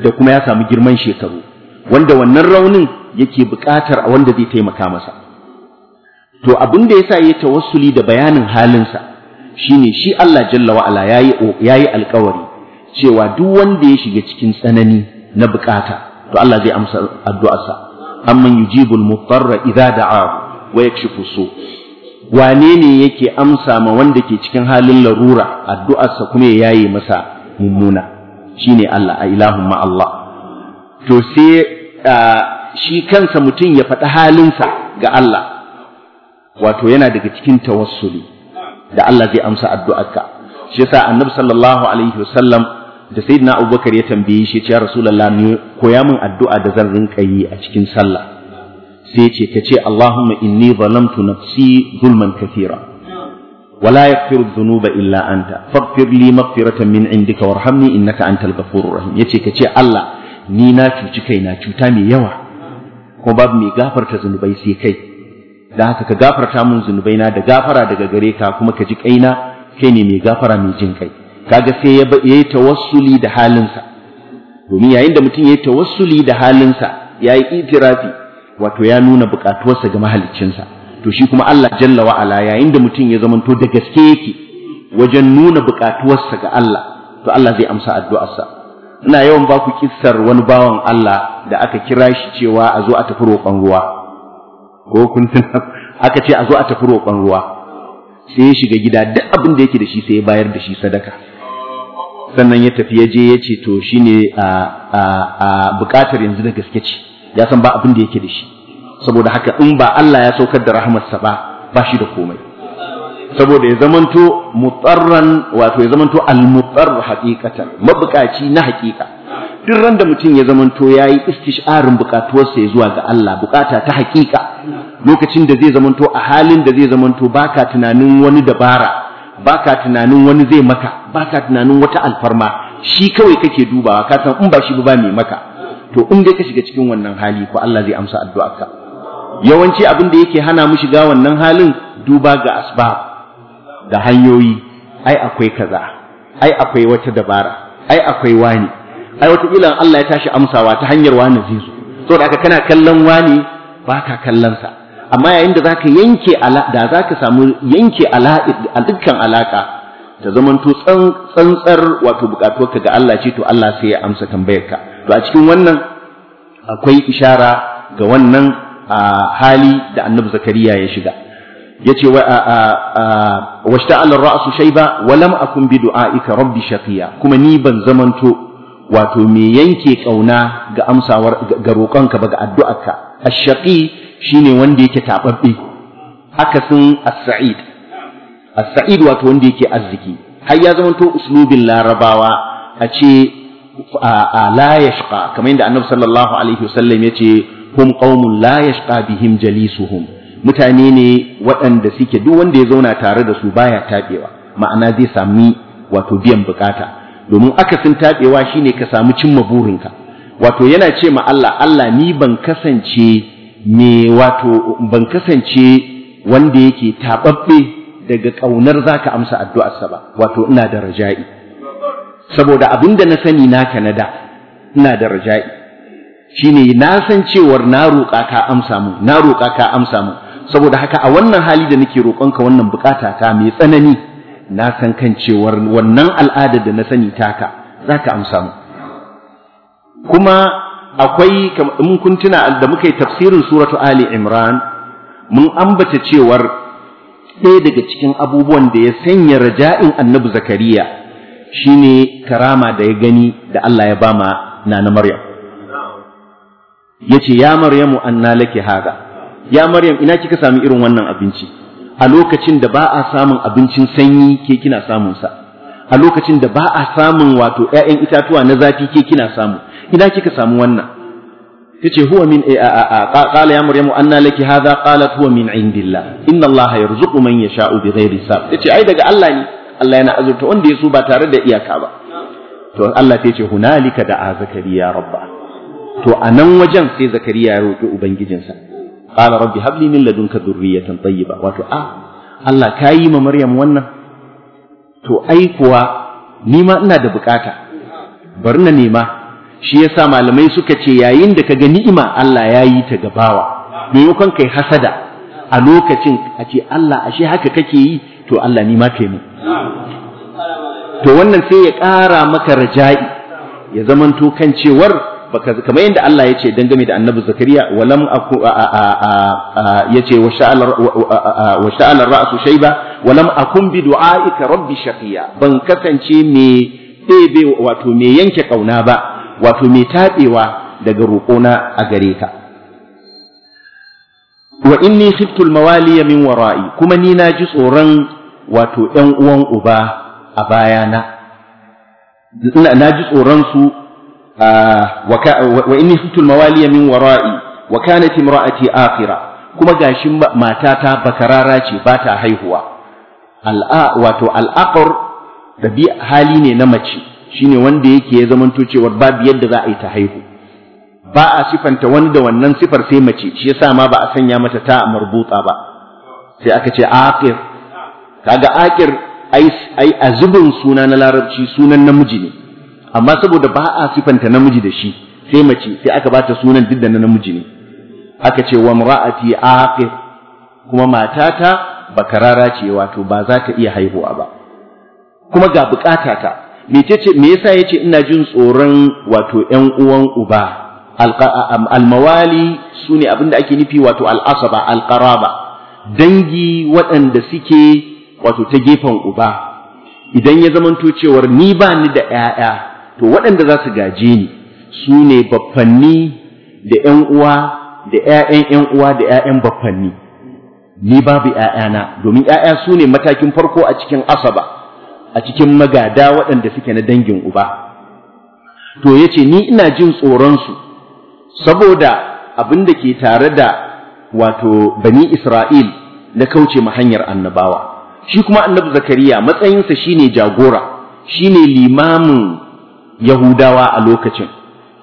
da kuma ya samu girman shekaru wanda wannan raunin yake bukatar a wanda zai taimaka masa to abin da yasa ya tawassuli da bayanin halinsa shine shi Allah jalla wa ala yayi yayi alƙawari cewa duk wanda ya shiga cikin tsanani na bukata to Allah zai amsa addu'arsa amman yujibul mutarra idza da'a wa yakshifu su wane ne yake amsa ma wanda ke cikin halin larura addu'arsa kuma ya yaye masa mummuna shine Allah a ilahun ma Allah to sai shi kansa mutum ya faɗi halinsa ga Allah wato yana daga cikin tawassuli da Allah zai amsa addu'arka shi yasa annabi sallallahu alaihi wasallam da na abubakar ya tambaye shi ya rasulallah ne koya min addu'a da zan rinka yi a cikin sallah sai ce ka ce allahumma inni zalamtu nafsi zulman kafira. wala yaghfiru dhunuba illa anta faghfir li maghfiratan min indika warhamni innaka antal ghafurur rahim yace ka ce allah ni na cuci kaina cuta mai yawa kuma babu mai gafarta zunubai sai kai da haka ka gafarta mun zunubai na da gafara daga gare ka kuma ka ji kaina kai ne mai gafara mai jin kai kaga sai ya yi tawassuli da halinsa domin yayin da mutum ya yi tawassuli da halinsa ya yi itirafi wato ya nuna buƙatuwarsa ga mahaliccinsa to shi kuma Allah jalla wa'ala yayin da mutum ya zamanto da gaske yake wajen nuna buƙatuwarsa ga Allah to Allah zai amsa addu'arsa ina yawan ba ku kissar wani bawan Allah da aka kira shi cewa a zo a tafi roƙon ruwa ko kun aka ce a zo a tafi roƙon ruwa sai ya shiga gida duk abin da yake da shi sai ya bayar da shi sadaka sannan ya tafi ya je ya ce to shine a a yanzu da gaske ce ya san ba abin da yake da shi saboda haka in ba Allah ya saukar da rahamarsa ba ba shi da komai saboda ya zamanto mutsarran wato ya zamanto almutsar haqiqatan mabukaci na haqiqa duk randa mutum ya zamanto yayi istisharin bukatuwarsa zuwa ga Allah bukata ta haqiqa lokacin da zai zamanto a halin da zai zamanto baka tunanin wani dabara baka tunanin wani zai maka baka tunanin wata alfarma shi kawai kake dubawa ka san in ba shi ba mai maka to in dai ka shiga cikin wannan hali ko Allah zai amsa addu'arka yawanci abin da yake hana mu shiga wannan halin duba ga asbab da hanyoyi ai akwai kaza ai akwai wata dabara ai akwai wani ai wata bilan Allah ya tashi amsawa ta hanyar wani zai zo saboda aka kana kallon wani baka kallon sa amma yayin da zaka yanke ala da zaka samu yanke ala a dukkan alaka ta tsan tsantsar wato ka ga Allah ce to Allah sai ya amsa tambayar ka to a cikin wannan akwai ishara ga wannan hali da Annabi Zakariya ya shiga yace wa washta'ala ar-ra'su shayba wa lam akun bi du'aika rabbi shaqiya kuma ni ban zamanto wato me yanke kauna ga amsawar ga roƙonka ba ga addu'arka ashaqi shine wanda yake tababbe akasin as-sa'id as-sa'id wato wanda yake arziki har ya zama to uslubin larabawa a ce a la yashqa kamar yadda annabi sallallahu alaihi wasallam yace hum qaumun la yashqa bihim jalisuhum mutane ne waɗanda suke duk wanda ya zauna tare da su baya taɓewa ma'ana zai sami wato biyan bukata domin akasin taɓewa shine ka samu cimma burinka wato yana ce ma Allah Allah ni ban kasance me wato ban kasance wanda yake taɓaɓɓe daga ƙaunar zaka ka amsa addu'arsa ba wato ina da raja'i saboda abin da na sani naka na da ina da raja'i shine na san cewar na roƙa ka amsa mu na roƙa ka amsa mu saboda haka a wannan hali da nake ka wannan bukata ta mai tsanani na san kan cewar wannan al'ada da na sani taka za ka amsa mu kuma akwai mun kun tuna da muka yi tafsirin suratu Ali Imran mun ambata cewar ɗaya daga cikin abubuwan da ya sanya raja'in Annabi Zakariya shine karama da ya gani da Allah ya bama nana Maryam yace ya Maryamu anna laki haga ya Maryam ina kika samu irin wannan abinci a lokacin da ba a samun abincin sanyi ke kina samun a lokacin da ba a samun wato ƴaƴan itatuwa na zafi ke kina samu ina kika samu wannan tace huwa min eh, a a a qala ya maryamu anna laki hadha qalat huwa min indillah inna allaha yarzuqu man yasha'u bighairi hisab tace ai daga Allah ne Allah yana azurta wanda ya so ba tare da iyaka ba to Allah ta ce hunalika da zakariya rabba to a nan wajen sai zakariya ya roki ubangijinsa qala rabbi habli min ladunka dhurriyatan tayyiba wato a ah, Allah ka yi ma maryam wannan to ai kuwa ni ma ina da bukata bari na nema shi yasa malamai suka ce yayin da ka ga ni'ima Allah ya yi ta gabawa maimakon kai hasada a lokacin a ce Allah ashe haka kake yi to Allah ni ma ka yi to wannan sai ya ƙara maka raja'i ya zamanto kan cewar baka kamar yadda Allah ya ce dangane da Annabi Zakariya walam aku ya ce wa sha'al ra'su shayba walam akun bi du'aika rabbi shaqiya ban kasance me ɗebe wato me yanke kauna ba wato mai taɓewa daga roƙona a gare ka wa inni shiftul mawaliya min wara'i kuma ni na ji tsoron wato 'yan uwan uba a bayana na ji tsoron su wa inni shiftul mawaliya min wara'i wa kanat imra'ati akhira kuma gashi matata bakarara ce ba ta haihuwa al'a wato al'aqr da bi hali ne na mace shine wanda yake ya zamanto cewa babu yadda za a yi ta haihu ba a sifanta wani da wannan sifar sai mace shi yasa ma ba a sanya mata ta marbuta ba sai aka ce aqir kaga aqir ai ai azubun suna na larabci sunan namiji ne amma saboda ba a sifanta namiji da shi sai mace sai aka bata sunan duk da na namiji ne aka ce wa mar'ati aqir kuma matata bakarara ce wato ba za ta iya haihuwa ba kuma ga bukata ta mecece me yasa yace ina jin tsoron wato ƴan uwan uba almawali sune abin da ake nufi wato al'asaba alqaraba dangi waɗanda suke wato ta gefen uba idan ya zamanto cewar ni ba ni da ƴaƴa to waɗanda za su gaje ni sune baffanni da ƴan uwa da ƴaƴan ƴan uwa da ƴaƴan baffanni ni babu ƴaƴana domin ƴaƴa sune matakin farko a cikin asaba a cikin magada waɗanda suke na dangin uba to ya ce ni ina jin tsoronsu. saboda abin da ke tare da wato bani Isra'il na kauce ma hanyar annabawa shi kuma annabi Zakariya matsayinsa shi ne jagora shi ne limamin Yahudawa a lokacin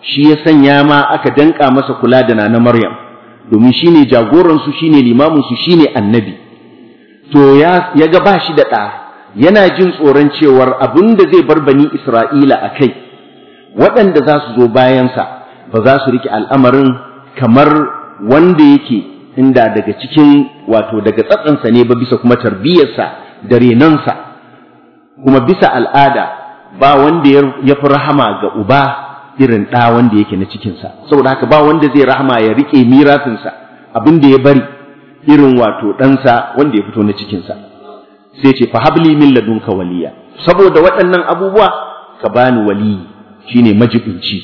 shi ya sanya ma aka danka masa kula da na Maryam domin shi ne jagoransu shi ne limaminsu, shi ne annabi to ya ya ga ba shi da ɗa yana jin tsoron cewar abin da zai bar bani Isra'ila a kai waɗanda za su zo bayansa ba za su rike al'amarin kamar wanda yake inda daga cikin wato daga tsatsansa ne ba bisa kuma tarbiyyarsa da renonsa kuma bisa al'ada ba wanda ya fi rahama ga uba irin ɗa wanda yake na cikinsa saboda haka ba wanda zai rahama ya rike mirafinsa abin da ya bari irin wato ɗansa wanda ya fito na cikinsa sai ce fa habli min ladunka waliya saboda waɗannan abubuwa ka bani wali shine majibinci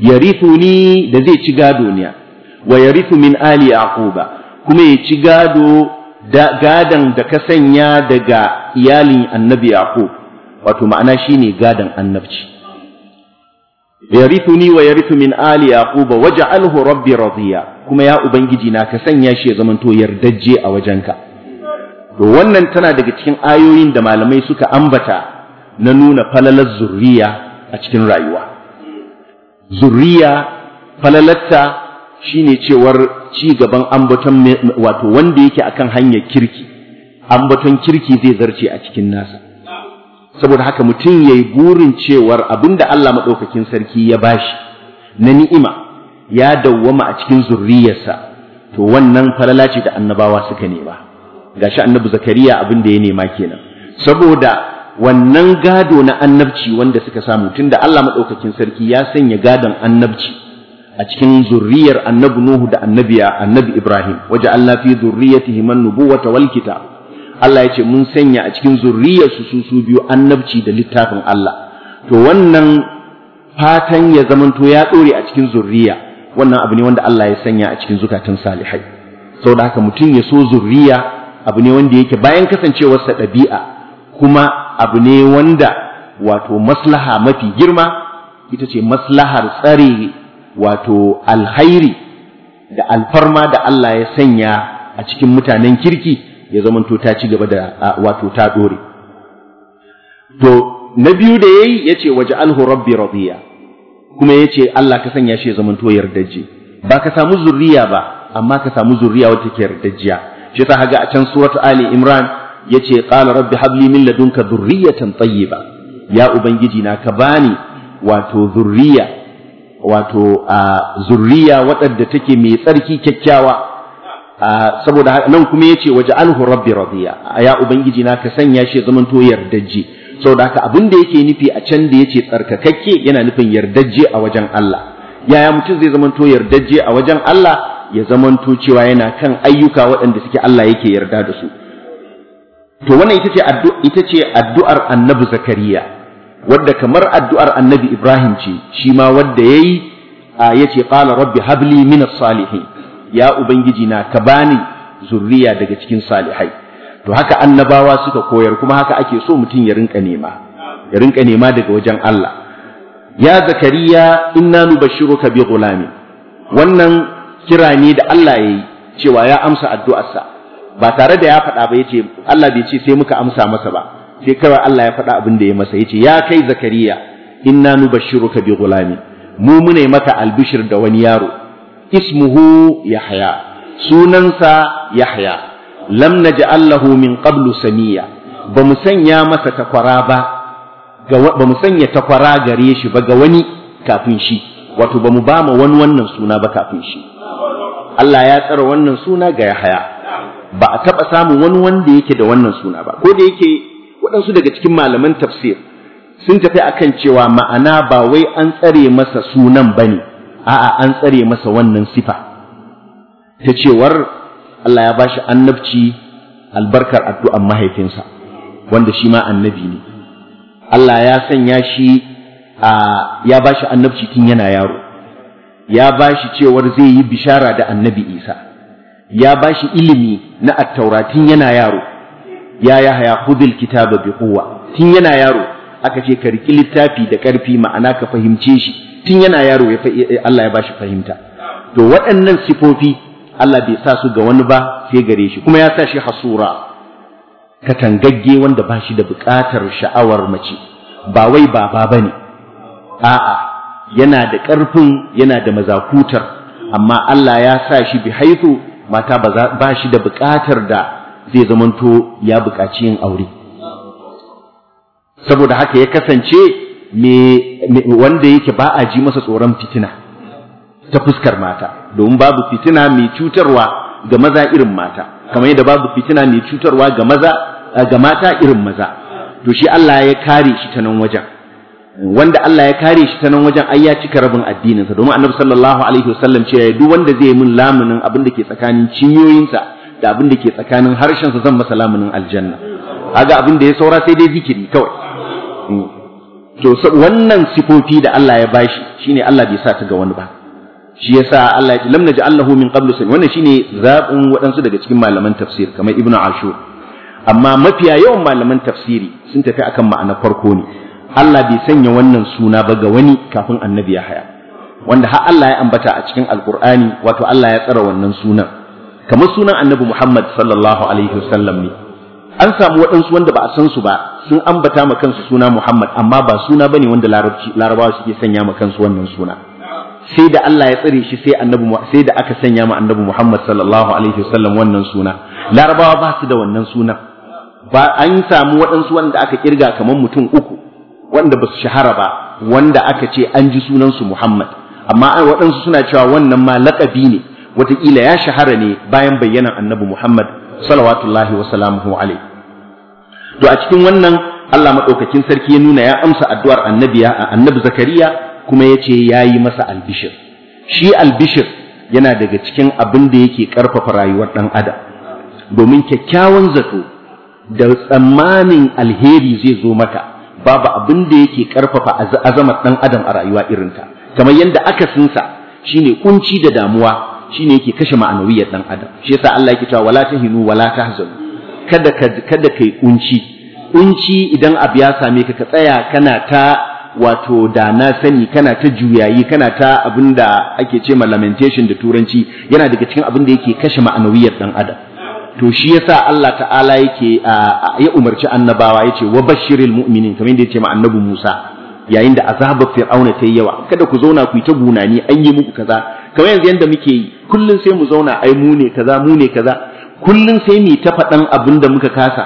yarithuni da zai ci gado ne wa yarithu min ali yaquba kuma ya ci gado da gadan da ka sanya daga iyalin annabi yaqub wato ma'ana shine gadan annabci yarithuni wa yarithu min ali yaquba waj'alhu rabbi radiya kuma ya ubangiji na ka sanya shi ya zamanto yardajje a wajenka to wannan tana daga cikin ayoyin da malamai suka ambata na nuna falalar zurriya a cikin rayuwa zurriya falalarta shine cewar ci gaban ambaton wato wanda yake akan hanyar kirki ambaton kirki zai zarce a cikin nasa saboda haka mutum ya yi burin cewar abinda Allah maɗaukakin sarki ya bashi na ni'ima ya dawwama a cikin zurriyarsa to wannan falala da annabawa suka nema gashi annabi zakariya abin da ya nema kenan saboda wannan gado na annabci wanda suka samu tunda Allah madaukakin sarki ya sanya gadon annabci a cikin zurriyar annabi nuhu da annabiya annabi ibrahim waje Allah fi zurriyatihi man nubuwata wal kitab Allah ya ce mun sanya a cikin zurriyar su su biyu annabci da littafin Allah to wannan fatan ya zamanto ya dore a cikin zurriya wannan abu ne wanda Allah ya sanya a cikin zukatun salihai saboda haka mutum ya so zurriya abu ne wanda yake bayan kasancewarsa ɗabi'a kuma abu ne wanda wato maslaha mafi girma ita ce maslahar tsare wato alhairi da alfarma da Allah ya sanya a cikin mutanen kirki ya zamanto ta ci gaba da wato ta ɗore. to na biyu da ya yi, yayi yace waje rabbi radiya kuma ya ce Allah ka sanya shi ya zamanto yardajje ba ka samu zurriya ba amma ka samu zurriya wacce ke yardajjiya. shi ta haga a can suratu ali imran ya yace ƙala rabbi habli min ladunka tsaye ba. ya ubangiji na ka bani wato zurriya wato a zurriya waɗanda take mai tsarki kyakkyawa saboda nan kuma yace waje alhu rabbi radiya ya ubangiji na ka sanya shi zaman to yardajje saboda haka abin da yake nufi a can da yace tsarkakakke yana nufin yardajje a wajen Allah yaya mutum zai zama to yardajje a wajen Allah ya zamanto cewa yana kan ayyuka waɗanda suke Allah yake yarda da su to wannan ita ce addu'ar annabi zakariya wadda kamar addu'ar annabi ibrahim ce shi ma wadda yayi ya ce ƙala rabbi habli min salihin ya ubangiji na ka bani zurriya daga cikin salihai to haka annabawa suka koyar kuma haka ake so mutum ya rinka nema ya rinka nema daga wajen Allah ya zakariya inna nubashshiruka bi ghulamin wannan kira ne da Allah ya yi cewa ya amsa addu'arsa ba tare da ya faɗa ba ya ce Allah bai ce sai muka amsa masa ba sai kawai Allah ya faɗa abin da ya masa ya ce ya kai zakariya inna nubashshiruka bi gulami mu mune maka albishir da wani yaro ismuhu yahya sunansa yahya lam naj'al lahu min qablu samiya ba mu sanya masa takwara ba ba mu sanya takwara gare shi ba ga wani kafin shi wato ba mu ba ma wani wannan suna ba kafin shi Allah ya tsara wannan suna ga Yahaya ba a taba samun wani wanda yake da wannan suna ba ko da yake waɗansu daga cikin malaman tafsir sun tafi akan cewa ma'ana ba wai an tsare masa sunan bane a'a an tsare masa wannan sifa ta cewar Allah ya bashi annabci albarkar addu'an mahaifinsa wanda shi ma annabi ne Allah ya sanya shi ya bashi annabci tun yana yaro ya ba shi cewar zai yi bishara da annabi Isa ya ba shi ilimi na attauratin yana yaro ya ya haya khudil kitaba bi quwwa tun yana yaro aka ce ka riki littafi da karfi ma'ana ka fahimce shi tun yana yaro ya Allah ya ba shi fahimta to waɗannan sifofi Allah bai sa su ga wani ba sai gare shi kuma ya sa shi hasura katangagge wanda ba shi da buƙatar sha'awar mace ba wai baba ba ne a'a yana da ƙarfin yana da mazakutar amma Allah ya sa shi bi haifu mata ba shi da buƙatar da zai zamanto ya buƙaci yin aure saboda haka ya kasance wanda yake ba a ji masa tsoron fitina ta fuskar mata domin babu fitina mai cutarwa ga maza irin mata kamar yadda babu fitina mai cutarwa ga mata irin maza to shi Allah ya kare shi ta nan wajen wanda Allah ya kare shi ta nan wajen ai ya cika rabin addininsa domin annabi sallallahu alaihi wasallam ce duk wanda zai min lamunin abin da ke tsakanin cinyoyinsa da abin da ke tsakanin harshensa zan masa lamunin aljanna kaga abin da ya saura sai dai zikiri kawai hmm. to wannan sifofi da Allah ya bashi shine Allah bai sa ta ga wani ba shi yasa Allah ya ce lam naj'allahu min qablu sami wannan shine zabin waɗansu daga cikin malaman tafsir kamar Ibnu Ashur amma mafiya yawan malaman tafsiri sun tafi akan ma'ana farko ne Allah bai sanya wannan suna ba ga wani kafin annabi ya haya wanda har Allah ya ambata a cikin alkur'ani wato Allah ya tsara wannan sunan kamar sunan annabi Muhammad sallallahu alaihi wasallam ne an samu waɗansu wanda ba a san su ba sun ambata ma kansu suna Muhammad amma ba suna bane wanda larabci larabawa suke sanya ma kansu wannan suna sai da Allah ya tsare shi sai annabi sai da aka sanya ma annabi Muhammad sallallahu alaihi wasallam wannan suna larabawa ba su da wannan suna ba an samu waɗansu wanda aka kirga kamar mutum uku wanda ba su shahara ba wanda aka ce an ji sunansu Muhammad amma waɗansu suna cewa wannan ma laƙabi ne wataƙila ya shahara ne bayan bayyana annabi Muhammad salawatullahi wa salamuhu to a cikin wannan Allah madaukakin sarki ya nuna ya amsa addu'ar annabi annabi Zakariya kuma ya ce ya yi masa albishir shi albishir yana daga cikin abin da yake ƙarfafa rayuwar ɗan adam domin kyakkyawan zato da tsammanin alheri zai zo maka babu abin da yake karfafa azamar dan adam a rayuwa irin ta, kamar yadda aka akasinsa shine kunci da damuwa shine yake kashe ma'anawiyar dan adam shi yasa Allah yake cewa wala tahinu wala tahzanu kada kada kai kunci kunci idan abu ya same ka ka tsaya kana ta wato da na sani kana ta juyayi kana ta abinda ake ce ma lamentation da turanci yana daga cikin abin da yake kashe ma'anawiyar dan adam to shi yasa Allah ta'ala yake ya umarci annabawa yace wa bashiril mu'minin kamar yadda yace ma annabi Musa yayin da azaba fir'auna tayi yawa kada ku zauna ku yi ta gunani an yi muku kaza kamar yanzu yanda muke yi kullun sai mu zauna ai mu ne kaza mu ne kaza kullun sai mu ta faɗan abin da muka kasa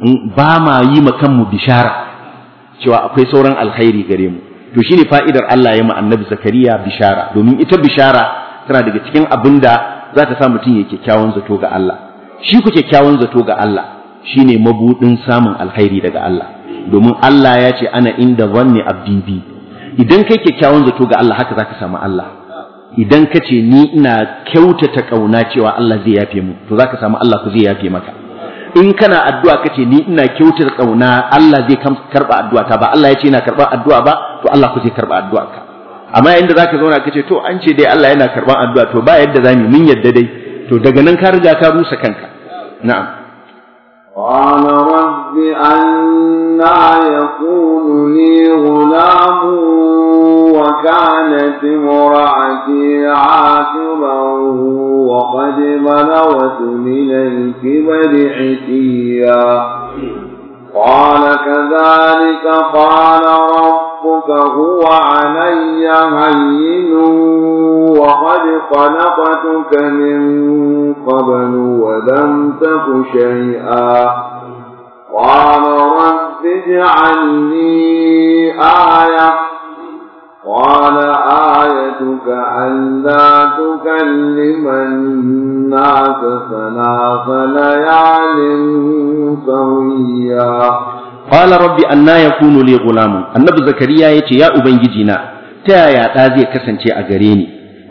hmm, ba ma yi ma kanmu bishara cewa akwai sauran alkhairi gare mu to shine fa'idar Allah ya ma annabi Zakariya bishara domin ita bishara tana daga cikin abin da za ta sa mutum ya kyakkyawan zato ga Allah shi ku kyakkyawan zato ga Allah shi ne mabudin samun alkhairi daga Allah domin Allah ya ce ana inda wanne abdibi idan kai kyakkyawan zato ga Allah haka za ka samu Allah idan ka ce ni ina kyautata kauna cewa Allah zai yafe mu to za ka samu Allah ku zai yafe maka in kana addu'a ka ce ni ina kyautata kauna Allah zai karba addu'a ta ba Allah ya ce ina karba addu'a ba to Allah ku zai karba addu'a ka amma yayin da ka zauna ka ce, to an ce dai Allah yana karɓar addu'a to ba yadda za yi mun yadda dai to daga nan ka riga ka rusa kanka na'am قال رب أنا يكون لي غلام وكانت امرأتي عاقرا وقد بلغت من الكبر عتيا قال كذلك قال ربك هو علي هين وقد خلقتك من قبل ولم تك شيئا قال رب اجعل لي آية قال آيتك ألا تكلم الناس الناس فلا ليال سويا قال ربي أنا يكون لي غلام النبي زكريا يتي يا أبن أبنجينا تايا تازي كسنتي أغريني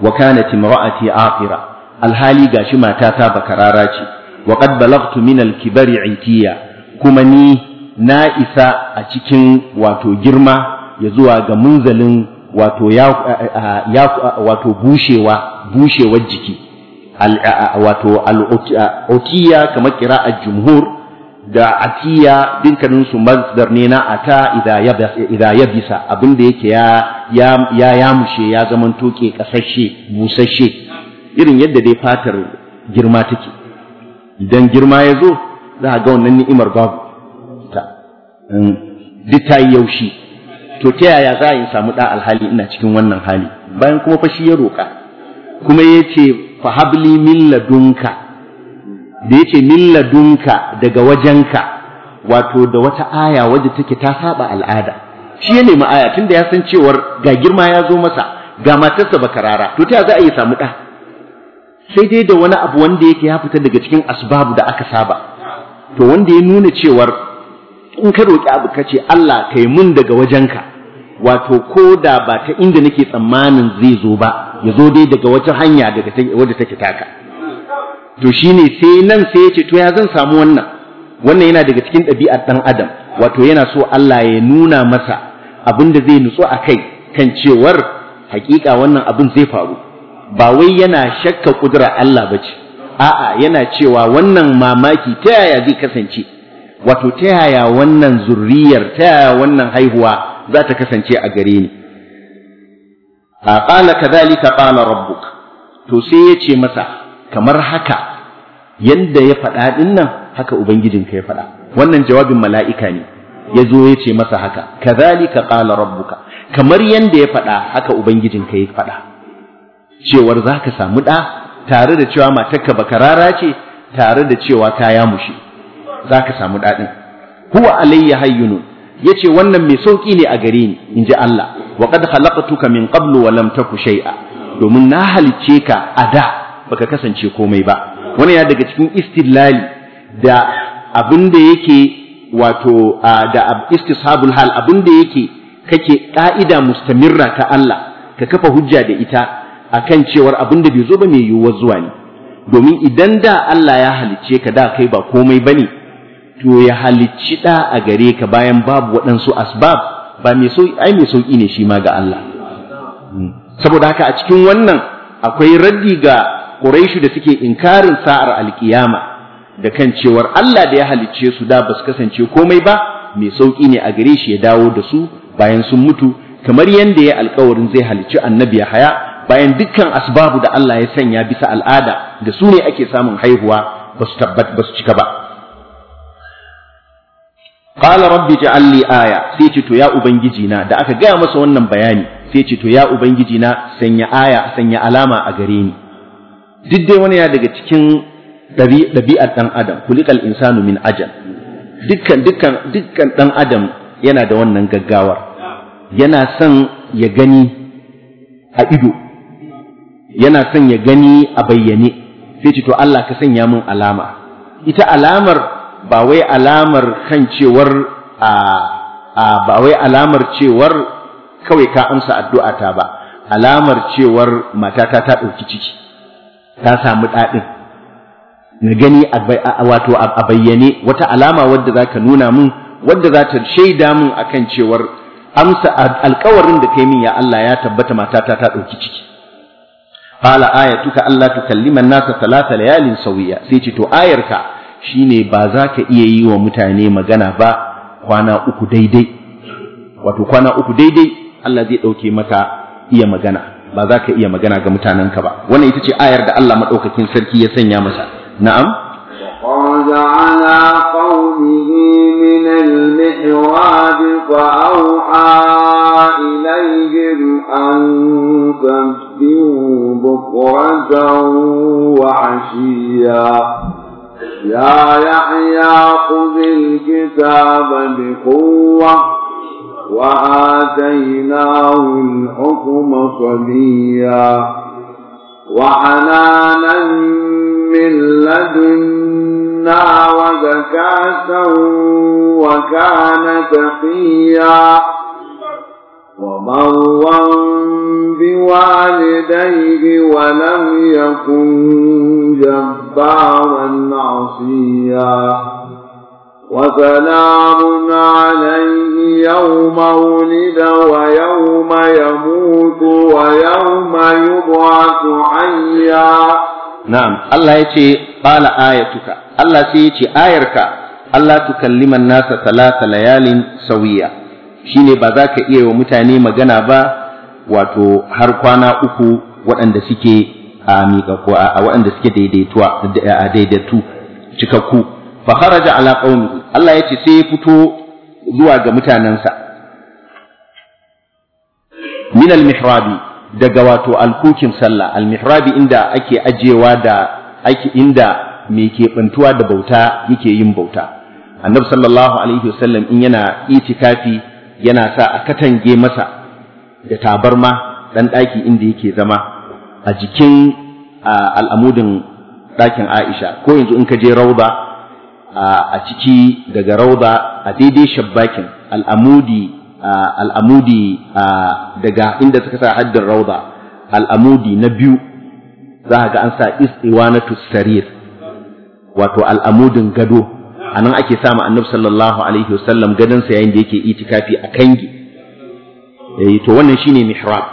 وكانت امرأتي آخرة الحالي قاش ما تاتا بكراراتي وقد بلغت من الكبر عيتيا كما ني na isa a cikin wato girma ya zuwa ga munzalin wato ya wato bushewa bushewar wato al'utiya kamar kira a jumhur da atiya dinkanin su masdar ne na ata idha yabisa abin da yake ya yamushe ya zaman toke kasashe busasshe irin yadda dai fatar girma take idan girma ya zo za a ga wannan ni'imar babu ta um, duk ta yi yaushi to ta yaya za a yi samu da alhali ina cikin wannan hali bayan kuma fashi ya roƙa kuma ya ce fahabli da yace min ladunka daga wajenka wato da wata aya wadda take ta saba al'ada shi ya nemi aya tunda ya san cewar ga girma ya zo masa ga matarsa bakarara to ta za a yi samu ɗa sai dai da wani abu wanda yake ya fita daga cikin asbabu da aka saba to wanda ya nuna cewar in ka roƙi abu kace Allah kai mun daga wajenka wato ko da ba ta inda nake tsammanin zai zo ba ya zo dai daga wata hanya daga wadda take taka to shine sai nan sai ya ce to ya zan samu wannan wannan yana daga cikin ɗabi'ar ɗan adam wato yana so Allah ya nuna masa abin da zai nutsu a kai kan cewar hakika wannan abin zai faru ba wai yana shakka kudura Allah ba ce a'a yana cewa wannan mamaki ta yaya zai kasance wato ta yaya wannan zurriyar ta yaya wannan haihuwa za ta kasance a gare ni a qala kadhalika ƙala rabbuk to sai ya ce masa kamar haka yanda ya faɗa din nan haka ubangijinka ya faɗa wannan jawabin mala'ika ne ya zo ya ce masa haka kadhalika ƙala rabbuka kamar yadda ya faɗa haka ubangijinka ya faɗa cewar ka samu ɗa tare da cewa matarka Rara ce tare da cewa ta za ka samu ɗaɗin huwa alayya hayyunun Ya ce wannan mai sauki ne a gare ni ji Allah wa qad khalaqtuka min qablu wa lam taku shay'a domin na halice ka a da baka kasance komai ba wannan ya daga cikin istidlali da abin da yake wato da istishabul hal abin da yake kake ka'ida mustamirra ta Allah ka kafa hujja da ita akan cewar abin da bai zo ba mai yiwuwar zuwa ne domin idan da Allah ya halicce ka da kai ba komai bane to ya halicci ɗa a gare ka bayan babu waɗansu asbab ba mai so ai mai sauƙi ne shi ma ga Allah hmm. saboda haka a cikin wannan akwai raddi ga Quraishu da suke inkarin sa'ar alkiyama da kan cewar Allah da ya halicce su da basu kasance komai ba mai sauƙi ne a gare shi ya dawo da su bayan sun mutu kamar yadda ya alkawarin zai halicci annabi ya haya bayan dukkan asbabu da Allah ya sanya bisa al'ada da su ne ake samun haihuwa ba su ba su cika ba qala rabbi ja'al li aya sai ce to ya ubangiji na da aka gaya masa wannan bayani sai ce to ya ubangiji na sanya aya sanya alama a gare ni duk dai wani ya daga cikin ɗabi'ar ɗan adam kulikal insanu min ajal dukkan dukkan dukkan ɗan adam yana da wannan gaggawar yana son ya gani a ido yana son ya gani a bayyane sai ce to Allah ka sanya mun alama ita alamar ba wai alamar kan cewar a ba wai alamar cewar kawai ka amsa addu'a ta ba alamar cewar matata ta ɗauki ciki ta samu daɗin, na gani wato a bayyane wata alama wadda za ka nuna min wadda za ta shaida min akan cewar amsa alkawarin da kai min ya Allah ya tabbata matata ta ɗauki ciki qala ayatuka Allah tukallima an-nasa thalatha layalin sawiya sai ce to ayarka shine ba za ka iya yi wa mutane magana ba kwana uku daidai wato kwana uku daidai Allah zai ɗauke maka iya magana ba za ka iya magana ga mutanenka ba wannan ita ce ayar da Allah maɗaukakin sarki ya sanya masa na'am وقال إليهم أن بكرة وعشيا يا يحيى خذ الكتاب بقوة وآتيناه الحكم صبيا وحنانا من لدنا وزكاة وكان تقيا وبرا بوالديه ولم يكن جبارا عصيا وسلام عليه يوم ولد ويوم يموت ويوم يبعث حيا نعم الله يتي قال آيتك الله سيتي آيرك الله تكلم الناس ثلاث ليال سوية shine ba za ka iya wa mutane magana ba wato har kwana uku waɗanda suke a miƙa ko a waɗanda suke daidaituwa a daidaitu cikakku fa kharaja ala qaumi Allah yace sai ya fito zuwa ga mutanansa min al mihrabi daga wato alkukin sallah al mihrabi inda ake ajewa da ake inda mai keɓantuwa da bauta yake yin bauta annabi sallallahu alaihi wasallam in yana itikafi yana sa a katange masa da tabarma ɗan ɗaki inda yake zama a jikin al'amudin ɗakin Aisha ko yanzu in ka je rauda a ciki daga rauda a daidai shabbakin al'amudi al'amudi daga inda suka sa haddin rauda al'amudi na biyu za ga an sa istiwa na tussarir wato al'amudin gado anan ake sama annabi sallallahu alaihi wasallam gadon sa yayin da yake itikafi a kangi eh to wannan shine mihrab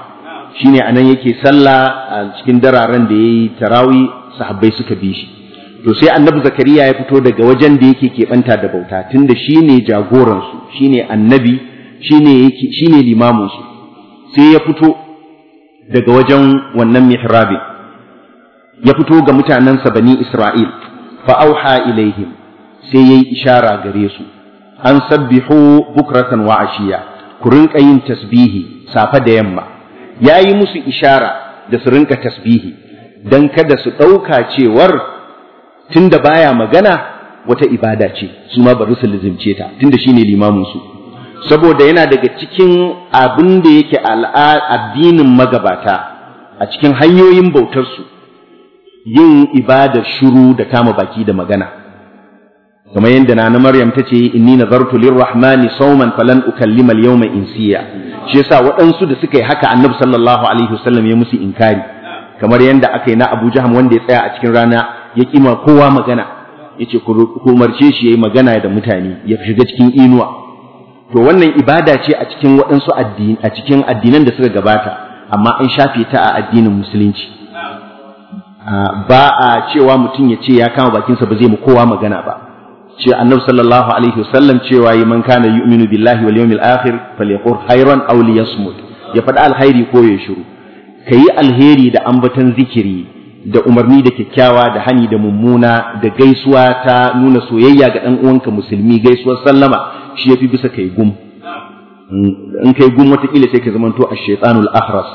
shine anan yake sallah a cikin dararen da yayi tarawi sahabbai suka bi shi to sai annabi zakariya ya fito daga wajen da yake keɓanta da bauta tunda shine jagoran su shine annabi shine yake shine limamin su sai ya fito daga wajen wannan mihrabi ya fito ga mutanensa bani Isra'il fa auha ilaihim sai yayi ishara gare su an sabbihu bukratan wa ashiya ku rinka yin tasbihi safa da yamma ya yi musu ishara da su rinka tasbihi dan kada su ɗauka cewar tunda baya magana wata ibada ce su ma bari su lizimce ta tunda shine limamin su saboda yana daga cikin abin da yake addinin magabata a cikin hanyoyin bautar su yin ibadar shuru da kama baki da magana kamar yadda na na Maryam ta ce inni nazartu lirrahmani sauman falan ukallima al-yawma insiya shi yasa waɗansu da suka yi haka annabi sallallahu alaihi wasallam ya musu inkari kamar yadda aka yi na Abu Jahm wanda ya tsaya a cikin rana ya kima kowa magana yace ku umarce shi yayi magana da mutane ya shiga cikin inuwa to wannan ibada ce a cikin waɗansu addini a cikin addinan da suka gabata amma an shafe ta a addinin musulunci ba a cewa mutum ya ce ya kama bakinsa ba zai mu kowa magana ba ce annabi sallallahu alaihi wasallam cewa yi man kana yu'minu billahi wal yawmil akhir falyaqul khairan aw liyasmut ya faɗa alkhairi ko ya shiru kayi alheri da ambaton zikiri da umarni da kyakkyawa da hani da mummuna da gaisuwa ta nuna soyayya ga ɗan uwanka musulmi gaisuwar sallama shi yafi bisa kai gum in kai gum watakila sai ka zamanto ash-shaytanul ahras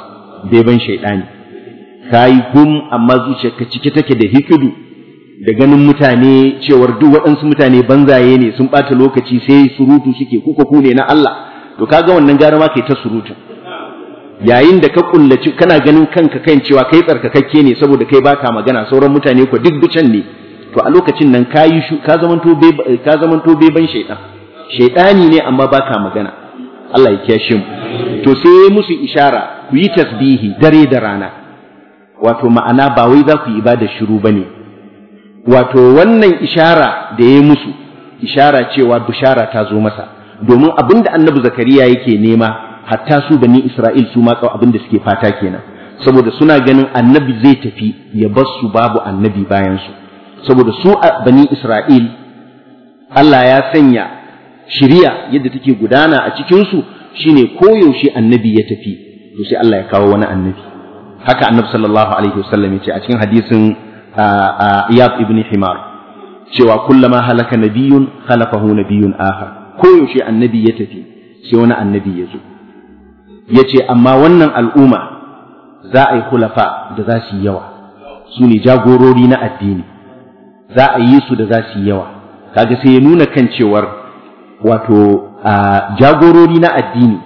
beban shaytani kayi gum amma zuciyarka cike take da hikidu da ganin mutane cewar duk waɗansu mutane banzaye ne sun ɓata lokaci sai surutu suke kuka ku ne na Allah to kaga wannan gara ma kai ta surutu yayin da ka kullaci kana ganin kanka kan cewa kai tsarkakakke ne saboda kai baka magana sauran mutane ko duk bucan ne to a lokacin nan ka yi shu ka zamanto bai ka zamanto bai ban ne amma baka magana Allah ya kiyashe mu to sai musu ishara ku yi tasbihi dare da rana wato ma'ana ba wai za ku yi ibada shiru bane wato wannan ishara da ya musu ishara cewa bishara ta zo masa domin abinda annabi zakariya yake nema hatta su bani isra'il su ma da suke fata kenan saboda suna ganin annabi zai tafi ya bar su babu annabi bayan su saboda su bani isra'il Allah ya sanya shiriya yadda take gudana a cikin su shine koyaushe annabi ya tafi to sai Allah ya kawo wani annabi haka annabi sallallahu alaihi wasallam ya ce a cikin hadisin Iyad ibn Himar cewa kullama halaka nabiyun khalafahu nabiyun aha koyaushe annabi ya tafi sai wani annabi ya zo ya ce amma wannan al'umma za a yi hulafa da za su yi yawa su ne jagorori na addini za a yi su da za su yi yawa kaga sai ya nuna kan cewar wato jagorori na addini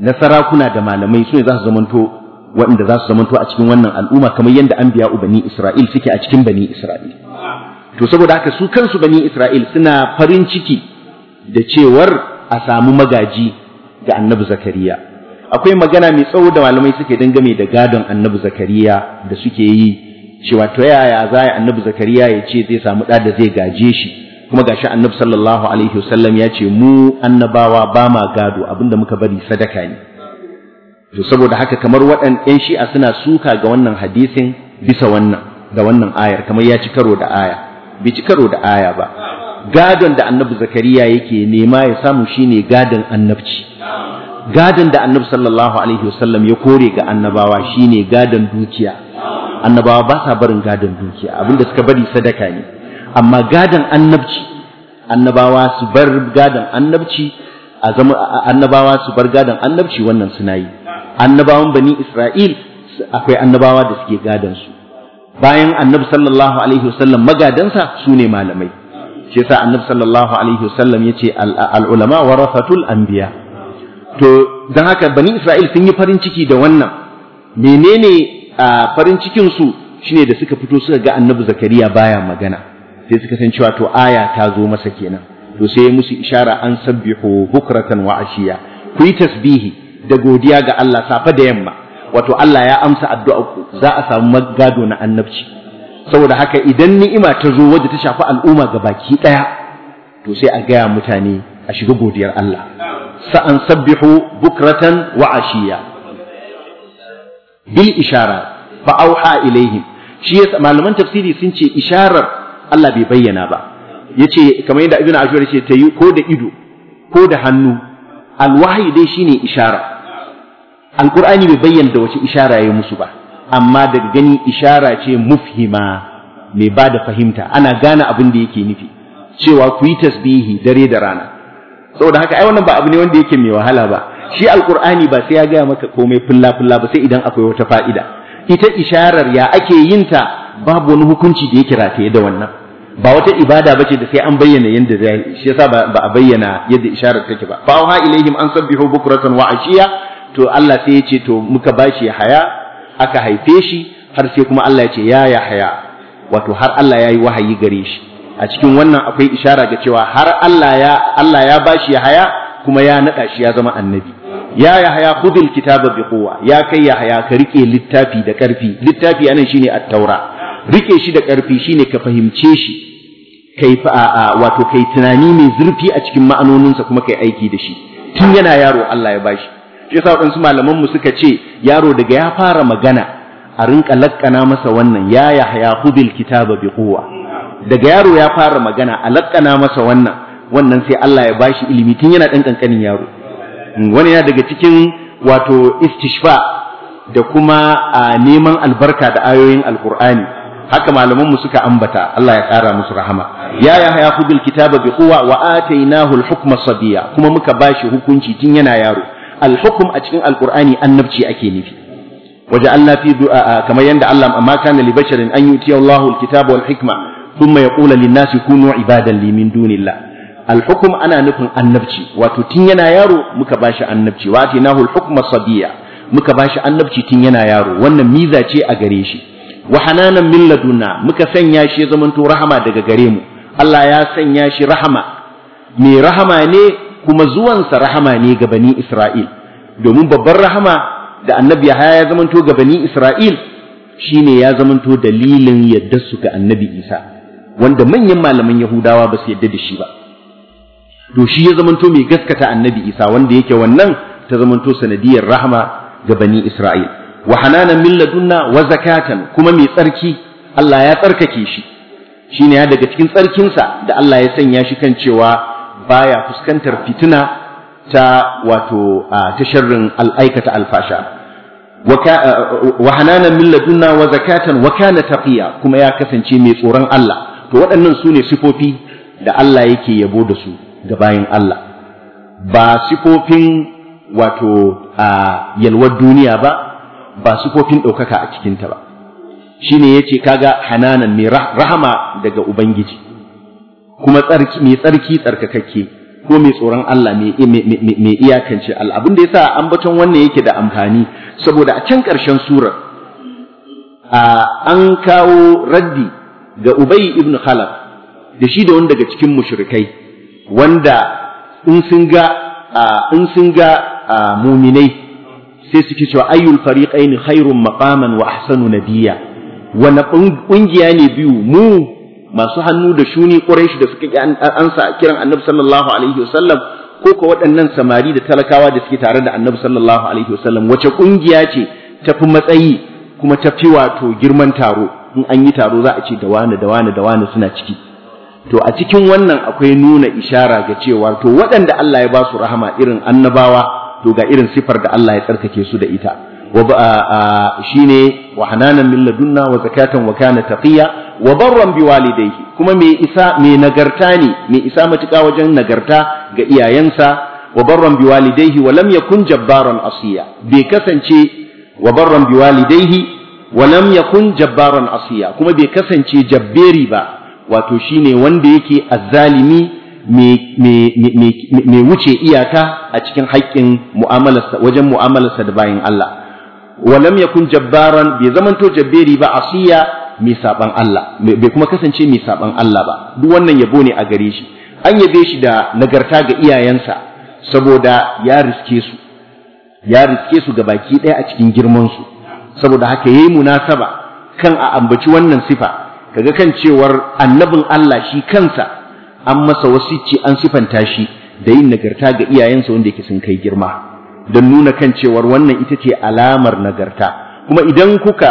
na sarakuna da malamai su ne za su zamanto waɗanda za su zamanto a cikin wannan al'umma kamar yadda an biya bani Isra'il suke a cikin bani Isra'il. To saboda haka su kansu bani Isra'il suna farin ciki da cewar a samu magaji ga annabi Zakariya. Akwai magana mai tsawo da malamai suke dangane da gadon annabi Zakariya da suke yi cewa to yaya za annabi Zakariya ya ce zai samu ɗa da zai gaje shi kuma gashi annabi sallallahu alaihi wasallam ya ce mu annabawa ba ma gado abinda muka bari sadaka ne. to saboda haka kamar waɗan ɗan shi'a suna suka ga wannan hadisin bisa wannan da wannan ayar kamar ya ci karo da aya bai ci karo da aya ba gadon da annabi zakariya yake nema ya samu shine gadon annabci gadon da annabi sallallahu alaihi wasallam ya kore ga annabawa shine gadon dukiya annabawa ba sa barin gadon dukiya abinda suka bari sadaka ne amma gadon annabci annabawa su bar gadon annabci a zama annabawa su bar gadon annabci wannan suna yi annabawan bani Isra'il akwai annabawa da suke gadan su bayan annabi sallallahu alaihi wasallam magadansa su ne malamai shi yasa annabi sallallahu alaihi wasallam yace al ulama warasatul anbiya to dan haka bani Isra'il sun yi farin ciki da wannan menene farin cikin su shine da suka fito suka ga annabi zakariya baya magana sai suka san cewa to aya ta zo masa kenan to sai musu ishara an sabbihu bukratan wa ashiya ku yi tasbihi da godiya ga Allah safe da yamma wato Allah ya amsa addu'arku za a samu magado na annabci saboda haka idan ni'ima ta zo wadda ta shafi al'umma ga baki ɗaya to sai a gaya mutane a shiga godiyar Allah sa'an sabbihu bukratan wa ashiya bil ishara fa auha ilaihim shi yasa malaman tafsiri sun ce isharar Allah bai bayyana ba yace kamar yadda ibnu ashur yace ta yi ko da ido ko da hannu alwahyi dai shine ishara Alƙur'ani bai bayyana da wace ishara ya musu ba amma daga gani ishara ce mufhima mai ba da fahimta ana gane abin da yake nufi cewa ku yi tasbihi dare da rana saboda haka ai wannan ba abu ne wanda yake mai wahala ba shi Alƙur'ani ba sai ya gaya maka komai fulla fulla ba sai idan akwai wata fa'ida ita isharar ya ake yin ta babu wani hukunci da yake rataye da wannan ba wata ibada bace da sai an bayyana yadda zai shi yasa ba a bayyana yadda isharar take ba fa ilaihim an sabbihu bukratan wa ashiya to Allah sai ya ce to muka bashi haya aka haife shi har sai kuma Allah ya ce ya ya haya wato har Allah ya yi wahayi gare shi a cikin wannan akwai ishara ga cewa har Allah ya Allah ya bashi haya kuma ya naɗa shi ya zama annabi ya ya haya khudil kitaba bi quwwa ya kai ya haya ka rike littafi da karfi littafi anan shine at-taura rike shi da karfi shine ka fahimce shi kai wato kai tunani mai zurfi a cikin ma'anoninsa kuma kai aiki da shi tun yana yaro Allah ya bashi shi yasa waɗansu malaman mu suka ce yaro daga ya fara magana a rinka lakkana masa wannan ya yahya hubil kitaba bi quwa daga yaro ya fara magana a lakkana masa wannan wannan sai Allah ya bashi ilimi tun yana dan kankanin yaro mm, wani yana daga cikin wato istishfa da kuma neman albarka da ayoyin alqur'ani haka malaman mu suka ambata Allah ya kara musu rahama ya ya haya hubil kitaba bi quwa wa atainahu al-hukma sabiya kuma muka bashi hukunci tun yana yaro Alhukum a cikin alqur'ani annabci ake nufi waje Allah fi du'a kamar yadda Allah amma kana li basharin an yuti Allahu al-kitaba wal hikma thumma yaqulu lin-nasi kunu ibadan li min dunillah al ana nufin annabci wato tun yana yaro muka bashi annabci wa atinahu al-hukma sabiya muka bashi annabci tun yana yaro wannan miza ce a gare shi wa hananan min laduna muka sanya shi zamanto rahama daga gare mu Allah ya sanya shi rahama mai rahama ne kuma zuwansa rahama ne ga bani Isra'il domin babbar rahama da annabi Yahaya ya zamanto ga bani Isra'il shine ya zamanto dalilin yadda su ga annabi Isa wanda manyan malaman Yahudawa ba su yadda da shi ba to shi ya zamanto mai gaskata annabi Isa wanda yake wannan ta zamanto sanadiyar rahama ga bani Isra'il wa hananan min ladunna wa zakatan kuma mai tsarki Allah ya tsarkake shi shine ya daga cikin tsarkinsa da Allah ya sanya shi kan cewa baya fuskantar fitina ta wato ta sharrin al'aikata alfasha wa hananan min ladunna wa zakatan wa kana taqiya kuma ya kasance mai tsoron Allah to waɗannan sune sifofi da Allah yake yabo da su ga bayin Allah ba sifofin wato a yalwar duniya ba ba sifofin ɗaukaka a cikinta ba shine yace kaga hananan mai rahama daga ubangiji kuma tsarki mai tsarki tsarkakakke ko mai tsoron Allah mai iyakance Allah abin da yasa ambaton wannan yake da amfani saboda a can ƙarshen surar an kawo raddi ga Ubay ibn Khalaf da shi da wani daga cikin mushrikai wanda in sun ga in sun ga muminai sai suke cewa ayyul fariqaini khairun maqaman wa ahsanu nadiya wannan kungiya ne biyu mu masu hannu da shuni quraish da suka ansa kiran annabi sallallahu alaihi wasallam ko ko waɗannan samari da talakawa da suke tare da annabi sallallahu alaihi wasallam wace kungiya ce tafi matsayi kuma ta tafi wato girman taro in an yi taro za a ce da wani da wani da wani suna ciki to a cikin wannan akwai nuna ishara ga cewa to waɗanda Allah ya ba su rahama irin annabawa to ga irin sifar da Allah ya tsarkake su da ita shine wa hananan min ladunna wa zakatan wa kana taqiya wa barran biwalidayhi kuma mai isa mai nagarta ne mai isa matuƙa wajen nagarta ga iyayensa wa barran biwalidayhi wa lam yakun jabbaran asiya bai kasance wa barran biwalidayhi wa lam yakun jabbaran asiya kuma bai kasance jabberi ba wato shine wanda yake azzalimi mai wuce iyaka a cikin haƙƙin mu'amalarsa wajen mu'amalarsa da bayin Allah wa lam yakun jabbaran bai zamanto jabberi ba asiya mai saban Allah bai kuma kasance mai saban Allah ba duk wannan yabo ne a gare shi an yabe shi da nagarta ga iyayensa saboda ya riske su ya riske su ga baki ɗaya a cikin girman su saboda haka yayi munasaba kan a ambaci wannan sifa kaga kan cewar annabin Allah shi kansa an masa wasicci an sifanta shi da yin nagarta ga iyayensa wanda yake sun kai girma don nuna kan cewar wannan ita ce alamar nagarta kuma idan kuka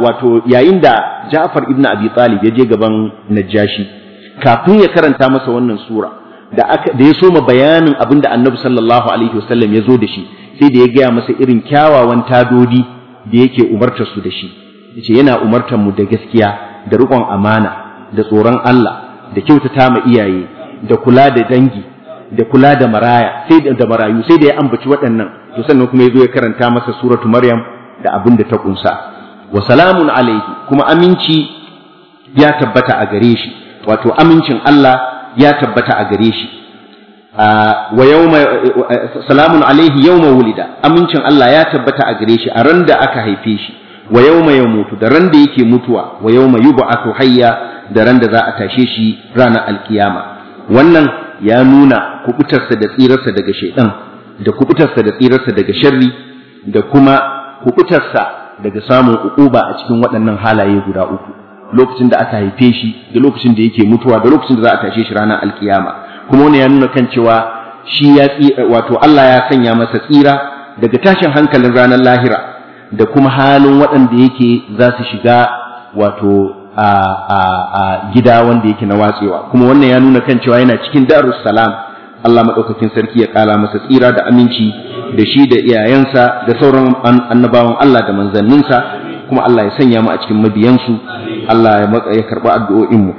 wato yayin da Ja'far ibn Abi Talib ya je gaban Najashi kafin ya karanta masa wannan sura da aka da ya soma bayanin abin da Annabi sallallahu alaihi wasallam ya zo da shi sai da ya gaya masa irin kyawawan tadodi da yake umartar su da shi yace yana umartar mu da gaskiya da riƙon amana da tsoron Allah da kyautata ma iyaye da kula da dangi da kula da maraya sai da marayu sai da ya ambaci waɗannan to sannan kuma ya zo ya karanta masa suratu maryam da abin da ta kunsa wa salamun alaihi kuma aminci ya tabbata a gare shi wato amincin Allah ya tabbata a gare shi wa yawma salamun alaihi yawma wulida amincin Allah ya tabbata a gare shi a ran da aka haife shi wa yawma yamutu da ran da yake mutuwa wa yawma yub'athu hayya da ran da za a tashe shi ranar alkiyama wannan ya nuna kubutarsa da tsirarsa daga shaidan da kubutarsa da tsirarsa daga sharri da kuma kubutarsa daga samun ukuba a cikin waɗannan halaye guda uku lokacin da aka haife shi da lokacin da yake mutuwa da lokacin da za a tashe shi ranar alkiyama kuma wannan ya nuna kan cewa shi ya wato Allah ya sanya masa tsira daga tashin hankalin ranar lahira da kuma halin waɗanda yake za su shiga wato a gida wanda yake na watsewa kuma wannan ya nuna kan cewa yana cikin darus salam Allah madaukakin sarki ya kala masa tsira da aminci da shi da iyayensa da sauran annabawan Allah da manzanninsa kuma Allah ya sanya mu a cikin mabiyansu Allah ya karba addu'o'in mu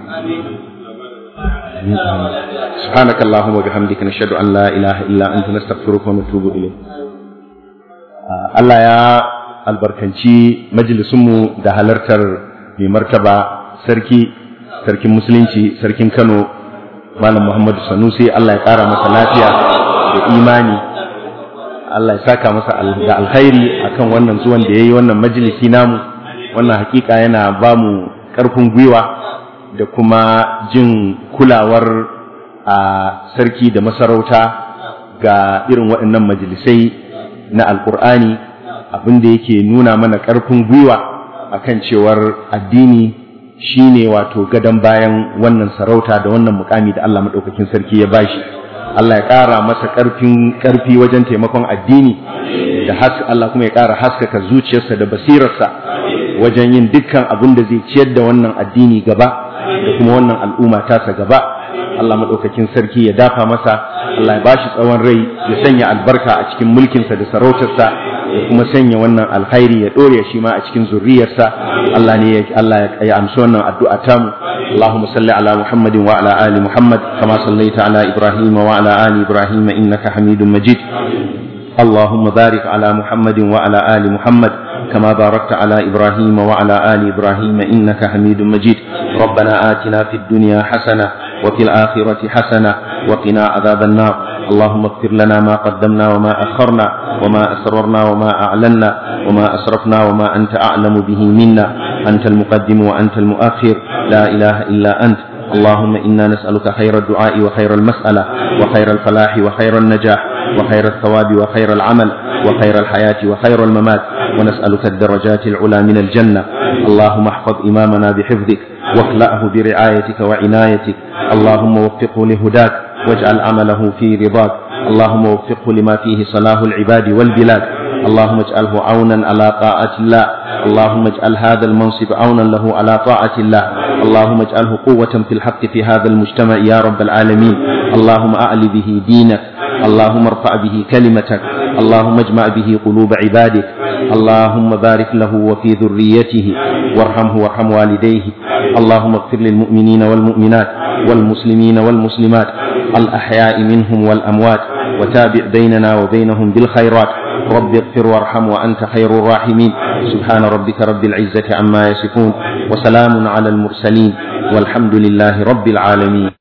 سبحانك اللهم وبحمدك نشهد ان لا اله الا انت نستغفرك ونتوب اليك Allah ya albarkanci majalisunmu da halartar mai martaba sarki sarkin musulunci sarkin Kano Malam Muhammadu Sanusi Allah ya kara masa lafiya da imani Allah ya saka masa da alkhairi akan wannan zuwan da ya yi wannan majalisi namu wannan hakika yana ba mu ƙarfin gwiwa da kuma jin kulawar a sarki da masarauta ga irin waɗannan majalisai na Alƙur'ani, abin da yake nuna mana ƙarfin gwiwa akan cewar addini shine wato gadon bayan wannan sarauta da wannan mukami da Allah madaukakin sarki ya bashi Allah ya ƙara masa ƙarfin ƙarfi wajen taimakon addini da haska Allah kuma ya ƙara haskaka zuciyarsa da basirarsa wajen yin dukkan abin da zai ciyar da wannan addini gaba da kuma wannan al'umma tasa gaba Allah Madaukakin sarki ya dafa masa, Allah ya bashi tsawon rai ya sanya albarka a cikin mulkinsa da sarautarsa kuma sanya wannan alkhairi ya dore shi ma a cikin zurriyarsa Allah ne ya Allah ya amsa wannan addu'a ta mu Allahumma salli ala Muhammadin wa ala ali Muhammad kama sallaita ala Ibrahim wa ala ali Ibrahim innaka Hamidum Majid اللهم ala muhammadin wa ala ali muhammad. كما باركت على إبراهيم وعلى آل إبراهيم إنك حميد مجيد ربنا آتنا في الدنيا حسنة وفي الآخرة حسنة وقنا عذاب النار اللهم اغفر لنا ما قدمنا وما أخرنا وما أسررنا وما أعلنا وما أسرفنا وما أنت أعلم به منا أنت المقدم وأنت المؤخر لا إله إلا أنت اللهم إنا نسألك خير الدعاء وخير المسألة وخير الفلاح وخير النجاح وخير الثواب وخير العمل وخير الحياة وخير الممات ونسألك الدرجات العلى من الجنة اللهم احفظ إمامنا بحفظك واخلأه برعايتك وعنايتك اللهم وفقه لهداك واجعل عمله في رضاك اللهم وفقه لما فيه صلاح العباد والبلاد اللهم اجعله عونا على طاعة الله اللهم اجعل هذا المنصب عونا له على طاعة الله اللهم اجعله قوة في الحق في هذا المجتمع يا رب العالمين اللهم أعل به دينك اللهم ارفع به كلمتك اللهم اجمع به قلوب عبادك اللهم بارك له وفي ذريته وارحمه وارحم والديه اللهم اغفر للمؤمنين والمؤمنات والمسلمين والمسلمات الأحياء منهم والأموات وتابع بيننا وبينهم بالخيرات رب اغفر وارحم وأنت خير الراحمين سبحان ربك رب العزة عما يصفون وسلام على المرسلين والحمد لله رب العالمين